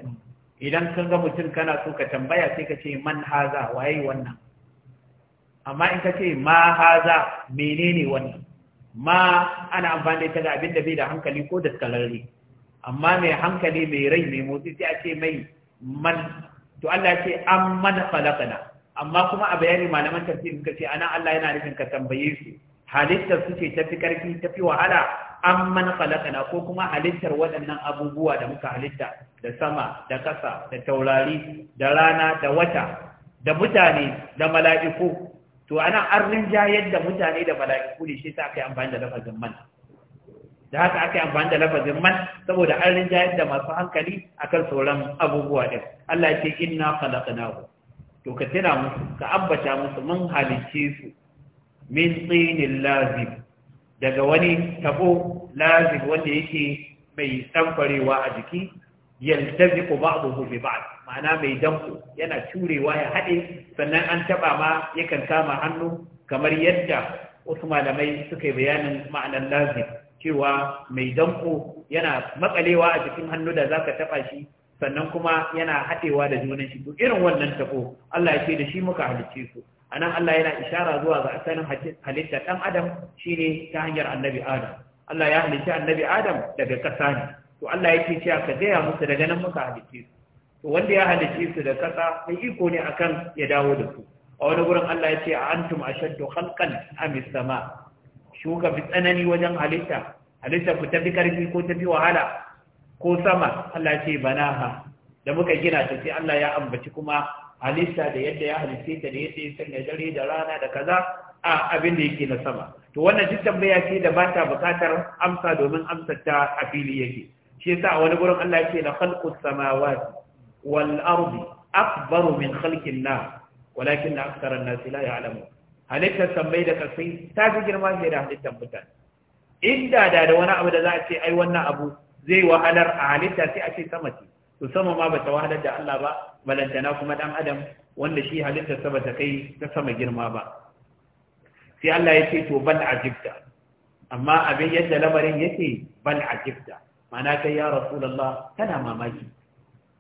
idan kan ga mutum kana so ka tambaya sai ka ce man haza waye wannan amma in ka ce ma haza menene wannan ma ana amfani da ita ga abin da bai da hankali ko daskalarri amma mai hankali mai rai mai motsi sai a ce mai man to Allah ce an man falakana amma kuma a bayani malaman tafsir suka ce ana Allah yana nufin ka tambaye su halittar su ce tafi karfi tafi wahala an man falakana ko kuma halittar waɗannan abubuwa da muka halitta da sama da kasa da taurari da rana da wata da mutane da mala'iku to ana arrin jayar da mutane da mala'iku ne shi sa aka yi amfani da lafazin man da haka aka yi amfani da lafazin man saboda an rinjayar da masu hankali akan sauran abubuwa din Allah ya ce inna khalaqnahu to ka tana musu ka ambata musu mun halice su min tsinin lazib daga wani tabo lazib wanda yake mai tsamfarewa a jiki yaltaziqu ba'dahu bi ba'd ma'ana mai damko yana curewa ya haɗe sannan an taɓa ma yakan kama hannu kamar yadda wasu malamai suka yi bayanin ma'anar lazim cewa mai damko yana makalewa a jikin hannu da zaka taɓa shi sannan kuma yana haɗewa da junan shi to irin wannan taɓo Allah ya ce da shi muka halicce su anan Allah yana ishara zuwa ga asalin halitta ɗan adam shine ta hanyar annabi adam Allah ya halicci annabi adam daga ƙasa ne to Allah yake cewa ka gaya musu daga nan muka halicce su wanda ya halice su da kasa mai iko ne akan ya dawo da su a wani gurin Allah ya ce a antum ashaddu khalqan am sama shuka fi tsanani wajen halitta halitta ku tafi karfi ko tafi wahala ko sama Allah ya ce banaha da muka gina ta sai Allah ya ambaci kuma halitta da yadda ya halice ta da yadda ya sanya dare da rana da kaza a abin da yake na sama to wannan duk tambaya ce da ba ta bukatar amsa domin amsar ta a fili yake shi yasa a wani gurin Allah ya ce la khalqus samawati wal ardi akbaru min khalqin nas walakin akthara an-nas la ya'lamun halitta sammai da kasai ta fi girma fiye da halittar mutane inda da da wani abu da za a ce ai wannan abu zai wahalar a halitta sai a ce sama to sama ma bata wahalar da Allah ba balantana kuma ɗan adam wanda shi halittar sa ta kai ta sama girma ba sai Allah ya ce to bal ajibta amma abin yadda lamarin yake bal ajibta mana kai ya rasulullah tana mamaki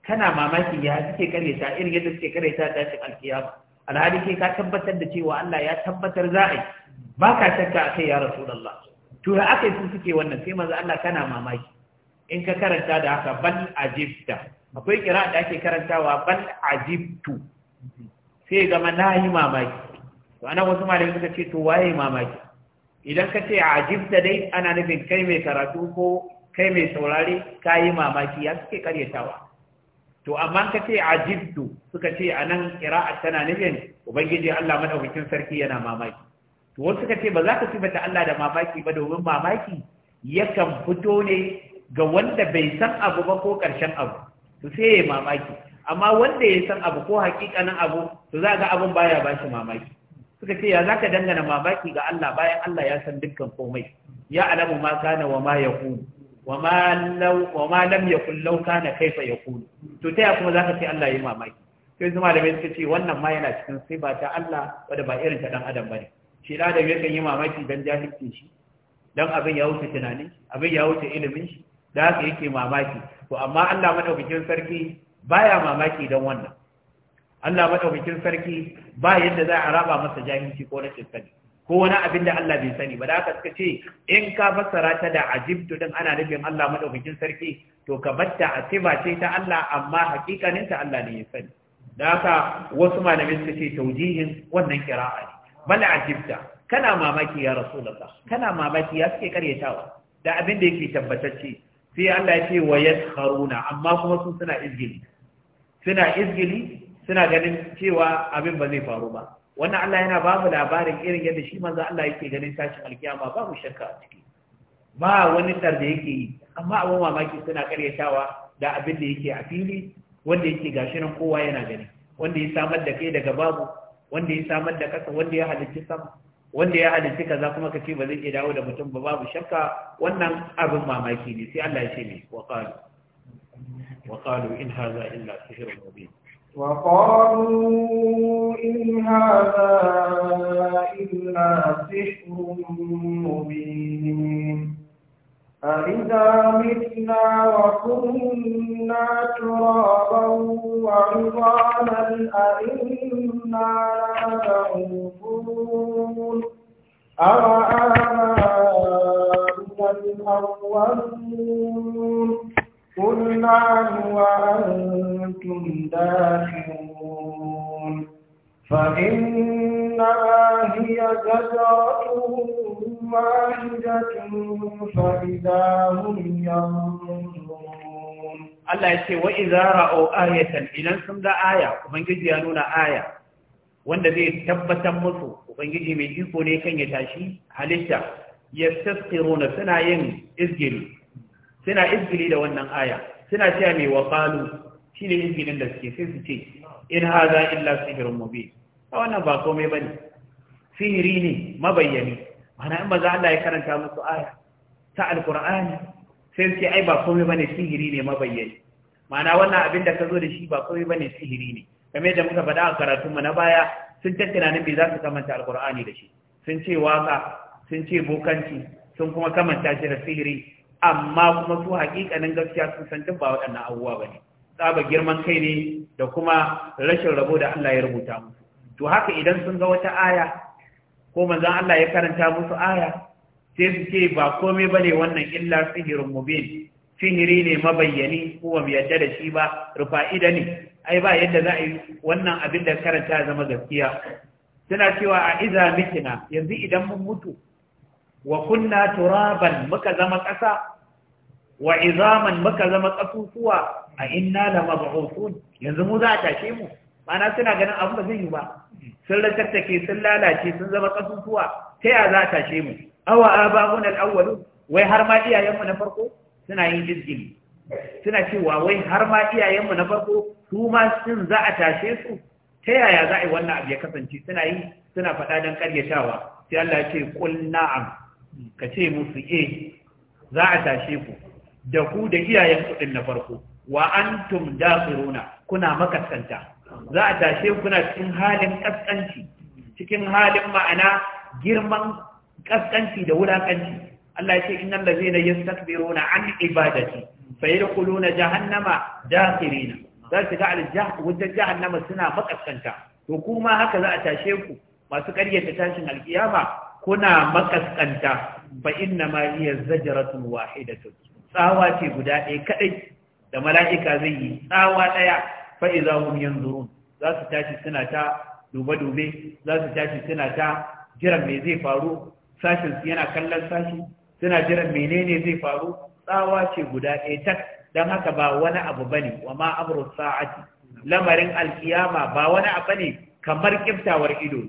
kana mamaki ya suke ta irin yadda suke ta tashin alkiyama alhali ke ka tabbatar da cewa Allah ya tabbatar za a yi ba ka shakka a kai ya rasu to da aka yi su suke wannan sai maza Allah kana mamaki in ka karanta da haka ban ajibta akwai kira da ake karantawa ban ajibtu sai zama na yi mamaki to ana wasu malamai suka ce to waye mamaki idan ka ce ajibta dai ana nufin kai mai karatu ko kai mai saurare ka yi mamaki ya suke karyatawa to amma ka ce ajibtu suka ce a nan ƙira'a tana nufin ubangiji Allah maɗaukakin sarki yana mamaki to wasu suka ce ba za ka sifata Allah da mamaki ba domin mamaki yakan fito ne ga wanda bai san abu ba ko ƙarshen abu to sai ya mamaki amma wanda ya san abu ko hakikanin abu to za ga abin baya ba shi mamaki suka ce ya za ka dangana mamaki ga Allah bayan Allah ya san dukkan komai ya alamu ma kana wa ma yaqulu wa ma lam yakun kai fa kaifa yakun to ta ya kuma ka ce Allah yi mamaki sai su da bai suka ce wannan ma yana cikin sifa ta Allah wanda ba irin ta dan adam bane shi da adam yakan yi mamaki dan jahilcin shi dan abin ya wuce tunanin abin ya wuce ilimin shi da haka yake mamaki to amma Allah madaukakin sarki baya mamaki dan wannan Allah madaukakin sarki ba yadda za a raba masa jahilci ko na sani ko wani abin da Allah bai sani ba da aka suka ce in ka fassara ta da ajibtu din ana nufin Allah madaukakin sarki to ka batta a ce ta Allah amma hakikanin ta Allah ne ya sani da haka wasu malamai suka ce taujihin wannan kira'a ne bala ajibta kana mamaki ya rasulullah kana mamaki ya suke karyatawa da abin da yake tabbatacce sai Allah ya ce wa yasharuna amma kuma su suna izgili suna izgili suna ganin cewa abin ba zai faru ba wannan Allah yana ba mu labarin irin yadda shi manzo Allah yake ganin tashin alkiyama ba mu shakka a ciki ba wani tsar da yake yi amma abin mamaki suna karyatawa da abin da yake a fili wanda yake gashi nan kowa yana gani wanda ya samar da kai daga babu wanda ya samar da kasa wanda ya halicci sama wanda ya halicci kaza kuma ka ce ba zai iya dawo da mutum ba babu shakka wannan abin mamaki ne sai Allah ya ce ne wa qalu wa qalu in hadha illa sihrun mubin وقالوا إن هذا إلا سحر مبين أإذا متنا وكنا ترابا وعظاما أإنا لمبعوثون أوآباؤنا الأولون قل نعم وأنتم داخلون فإنما هي زجرة واحدة فإذا هم ينظرون الله ya وإذا رأوا آية إلى آية ومن آية wanda zai tabbatar musu ubangiji mai iko ne kan ya tashi halitta ya na suna yin izgiri suna izgili da wannan aya suna cewa mai waqalu shine izgilin da suke sai su ce in hadha illa sihrun mubin a wannan ba komai bane sihiri ne mabayyani mana in maza Allah ya karanta musu aya ta alqur'ani sai su ce ai ba komai bane sihiri ne mabayyani mana wannan abin da ka zo da shi ba komai bane sihiri ne kamar da muka faɗa a karatunmu na baya sun tattara nan bai za su kamanta alqur'ani da shi sun ce waka sun ce bokanci sun kuma kamanta shi da sihiri amma kuma su haƙiƙanin gaskiya sun san ba waɗannan abubuwa ba ne tsaba girman kai ne da kuma rashin rabo da Allah ya rubuta musu to haka idan sun ga wata aya ko manzon Allah ya karanta musu aya sai su ce ba komai bane wannan illa sihirin mubin sihiri ne mabayyani ko ba yadda da shi ba rufa'ida ne ai ba yadda za a yi wannan abin da karanta zama gaskiya suna cewa a iza mitina yanzu idan mun mutu wa kunna turaban muka zama ƙasa wa izaman muka zama kasusuwa a inna la mab'uthun yanzu mu za a tashe mu Mana suna ganin abin da zai yi ba sun ratattake sun lalace sun zama ƙasusuwa? ta ya za a tashe mu awa abahun al-awwalun wai har ma iyayenmu na farko suna yin jirgin suna cewa wai har ma iyayenmu na farko su ma sun za a tashe su ta yaya za a yi wannan abu ya kasance suna yi suna faɗa don ƙaryatawa sai Allah ya ce kul na'am ka ce musu eh za a tashe ku da ku da iyayen kuɗin na farko wa antum dafiruna kuna makaskanta za a tashe kuna cikin halin kaskanci cikin halin ma'ana girman kaskanci da wulakanci Allah ya ce innal ladzina yastakbiruna an ibadati fayadkhuluna jahannama dakhirina za su ga aljah wata jahannama suna makaskanta to kuma haka za a tashe ku masu karyata tashin alkiyama kuna makaskanta fa inna ma hiya zajratun wahidatun tsawa ce guda ɗaya kaɗai da mala'ika zai yi tsawa ɗaya fa'iza hum yanzurun za su tashi suna ta dube-dube za su tashi suna ta jiran me zai faru sashin su yana kallon sashi suna jiran menene zai faru tsawa ce guda ɗaya tak don haka ba wani abu bane wa ma amru sa'ati lamarin alkiyama ba wani abu ne kamar kiftawar ido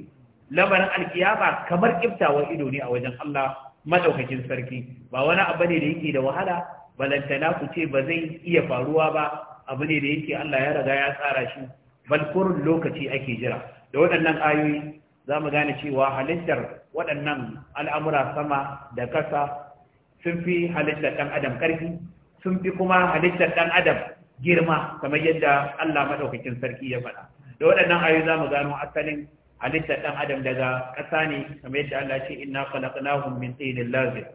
lamarin alkiyama kamar kiftawar ido ne a wajen Allah madaukakin sarki ba wani abu ne da yake da wahala balantana ku ce ba zai iya faruwa ba abu ne da yake Allah ya riga ya tsara shi balkurun lokaci ake jira da waɗannan ayoyi za mu gane cewa halittar waɗannan al'amura sama da ƙasa sun fi halittar ɗan adam ƙarfi sun fi kuma halittar ɗan adam girma kamar yadda Allah madaukakin sarki ya faɗa da waɗannan ayoyi za mu gano asalin halittar ɗan adam daga ƙasa ne kamar yadda Allah ce inna khalaqnahum min tinin lazim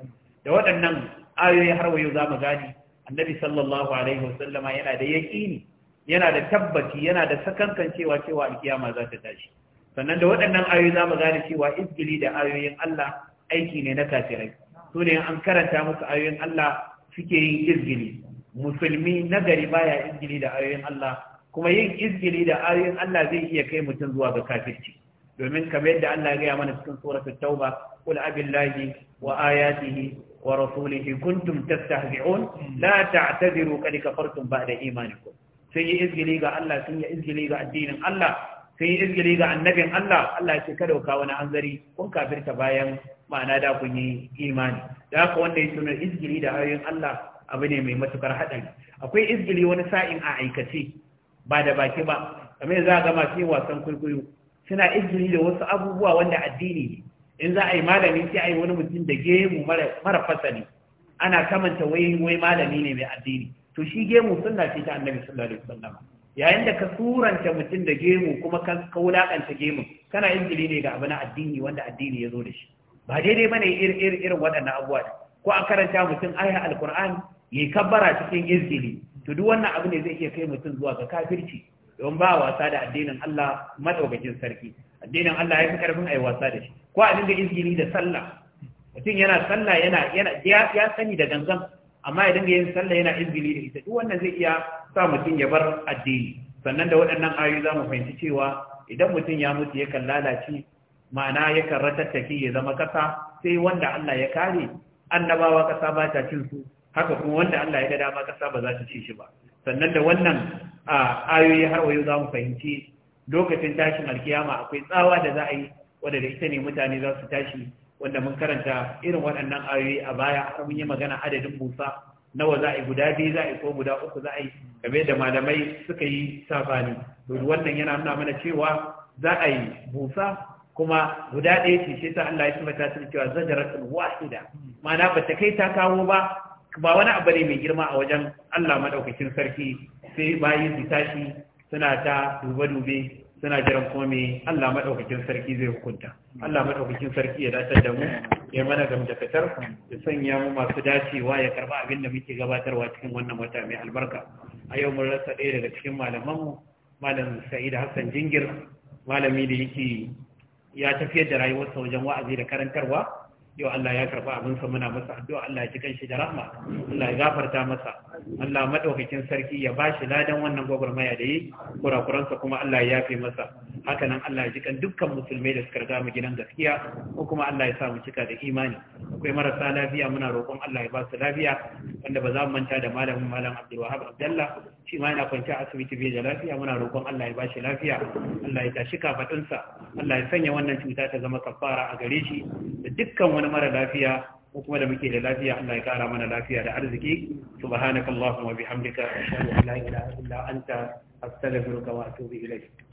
da waɗannan ayoyi har wayo zamu gani annabi sallallahu alaihi sallama yana da yaƙini yana da tabbaci yana da sakankan cewa cewa alkiyama za ta tashi sannan da waɗannan ayoyi mu gane cewa izgili da ayoyin Allah aiki ne na kafirai su ne an karanta musu ayoyin Allah suke yin izgili musulmi nagari baya izgili da ayoyin Allah kuma yin izgili da ayoyin Allah zai iya kai mutum zuwa ga kafirci domin kamar yadda Allah ya gaya mana cikin suratul tauba qul abillahi wa ayatihi wa rasulihi kuntum tastahzi'un la ta'tadiru kad kafartum ba'da imanikum Sai yi izgili ga Allah sun yi izgili ga addinin Allah Sai yi izgili ga annabin Allah Allah ya ce kada ku wani anzari kun kafirta bayan ma'ana da kun yi imani da haka wanda ya tunar izgili da ayoyin Allah abu ne mai matukar haɗari akwai izgili wani sa'in a aikace ba da baki ba kamar za a gama sai wasan kwaikwayo suna izini da wasu abubuwa wanda addini ne in za a yi malami sai a yi wani mutum da gemu mara fasali ana kamanta wai wai malami ne mai addini to shi gemu sunna ce ta annabi sallallahu alaihi wasallam yayin da ka suranta mutum da gemu kuma ka wulakanta gemu kana izini ne ga abu na addini wanda addini ya zo da shi ba daidai bane irin irin waɗannan abubuwa ko an karanta mutum aya alqur'ani yi kabbara cikin izini to duk wannan abu ne zai iya kai mutum zuwa ga kafirci don ba wasa da addinin Allah madaukakin sarki addinin Allah ya fi karfin ai wasa da shi ko abin da izgiri da sallah mutum yana sallah yana yana ya sani da gangan amma idan dinga yin sallah yana izini da ita duk wannan zai iya sa mutum ya bar addini sannan da waɗannan ayoyi za mu fahimci cewa idan mutum ya mutu yakan lalace ma'ana yakan ratattaki ya zama kasa sai wanda Allah ya kare annabawa kasa ba ta cin su haka kuma wanda Allah ya ga dama kasa ba za ta ci shi ba sannan da wannan ayoyi har wayo za mu fahimci lokacin tashin alkiyama akwai tsawa da za a yi wadda da ita ne mutane za su tashi wanda mun karanta irin waɗannan ayoyi a baya har mun yi magana adadin busa nawa za a yi guda biyu za a yi ko guda uku za a yi game da malamai suka yi safani to wannan yana nuna mana cewa za a yi busa kuma guda ɗaya ce shi ta Allah ya tabbata ta cewa zajaratul wahida ma'ana ba ta kai ta kawo ba ba wani abu ne mai girma a wajen Allah madaukakin sarki sai bayi su tashi suna ta dube-dube suna jiran kuma me Allah madaukakin sarki zai hukunta Allah madaukakin sarki ya dace da mu ya mana da gamjakatar ya sanya mu masu dacewa ya karba abin da muke gabatarwa cikin wannan wata mai albarka a yau mun rasa ɗaya daga cikin malamanmu malam Sa'id Hassan Jingir malami da yake ya tafiyar da rayuwarsa wajen wa'azi da karantarwa yau Allah ya karɓi abin sa muna masa addu'a Allah ya cikin shi da rahma Allah ya gafarta masa Allah madaukakin sarki ya bashi ladan wannan gwagwarmaya da yi kurakuransa kuma Allah ya fi masa haka nan Allah ya jikan dukkan musulmai da suka riga mu gidan gaskiya ko kuma Allah ya sa mu cika da imani akwai marasa lafiya muna roƙon Allah ya ba su lafiya wanda ba za mu manta da malamin malam Abdul Wahab Abdullah shi ma yana kwanciya asibiti bai da lafiya muna roƙon Allah ya ba shi lafiya Allah ya tashi sa Allah ya sanya wannan cuta ta zama kafara a gare shi da dukkan wani mara lafiya ko kuma da muke da lafiya Allah ya kara mana lafiya da arziki subhanakallahumma wa bihamdika ashhadu an la ilaha illa anta astaghfiruka wa atubu ilayk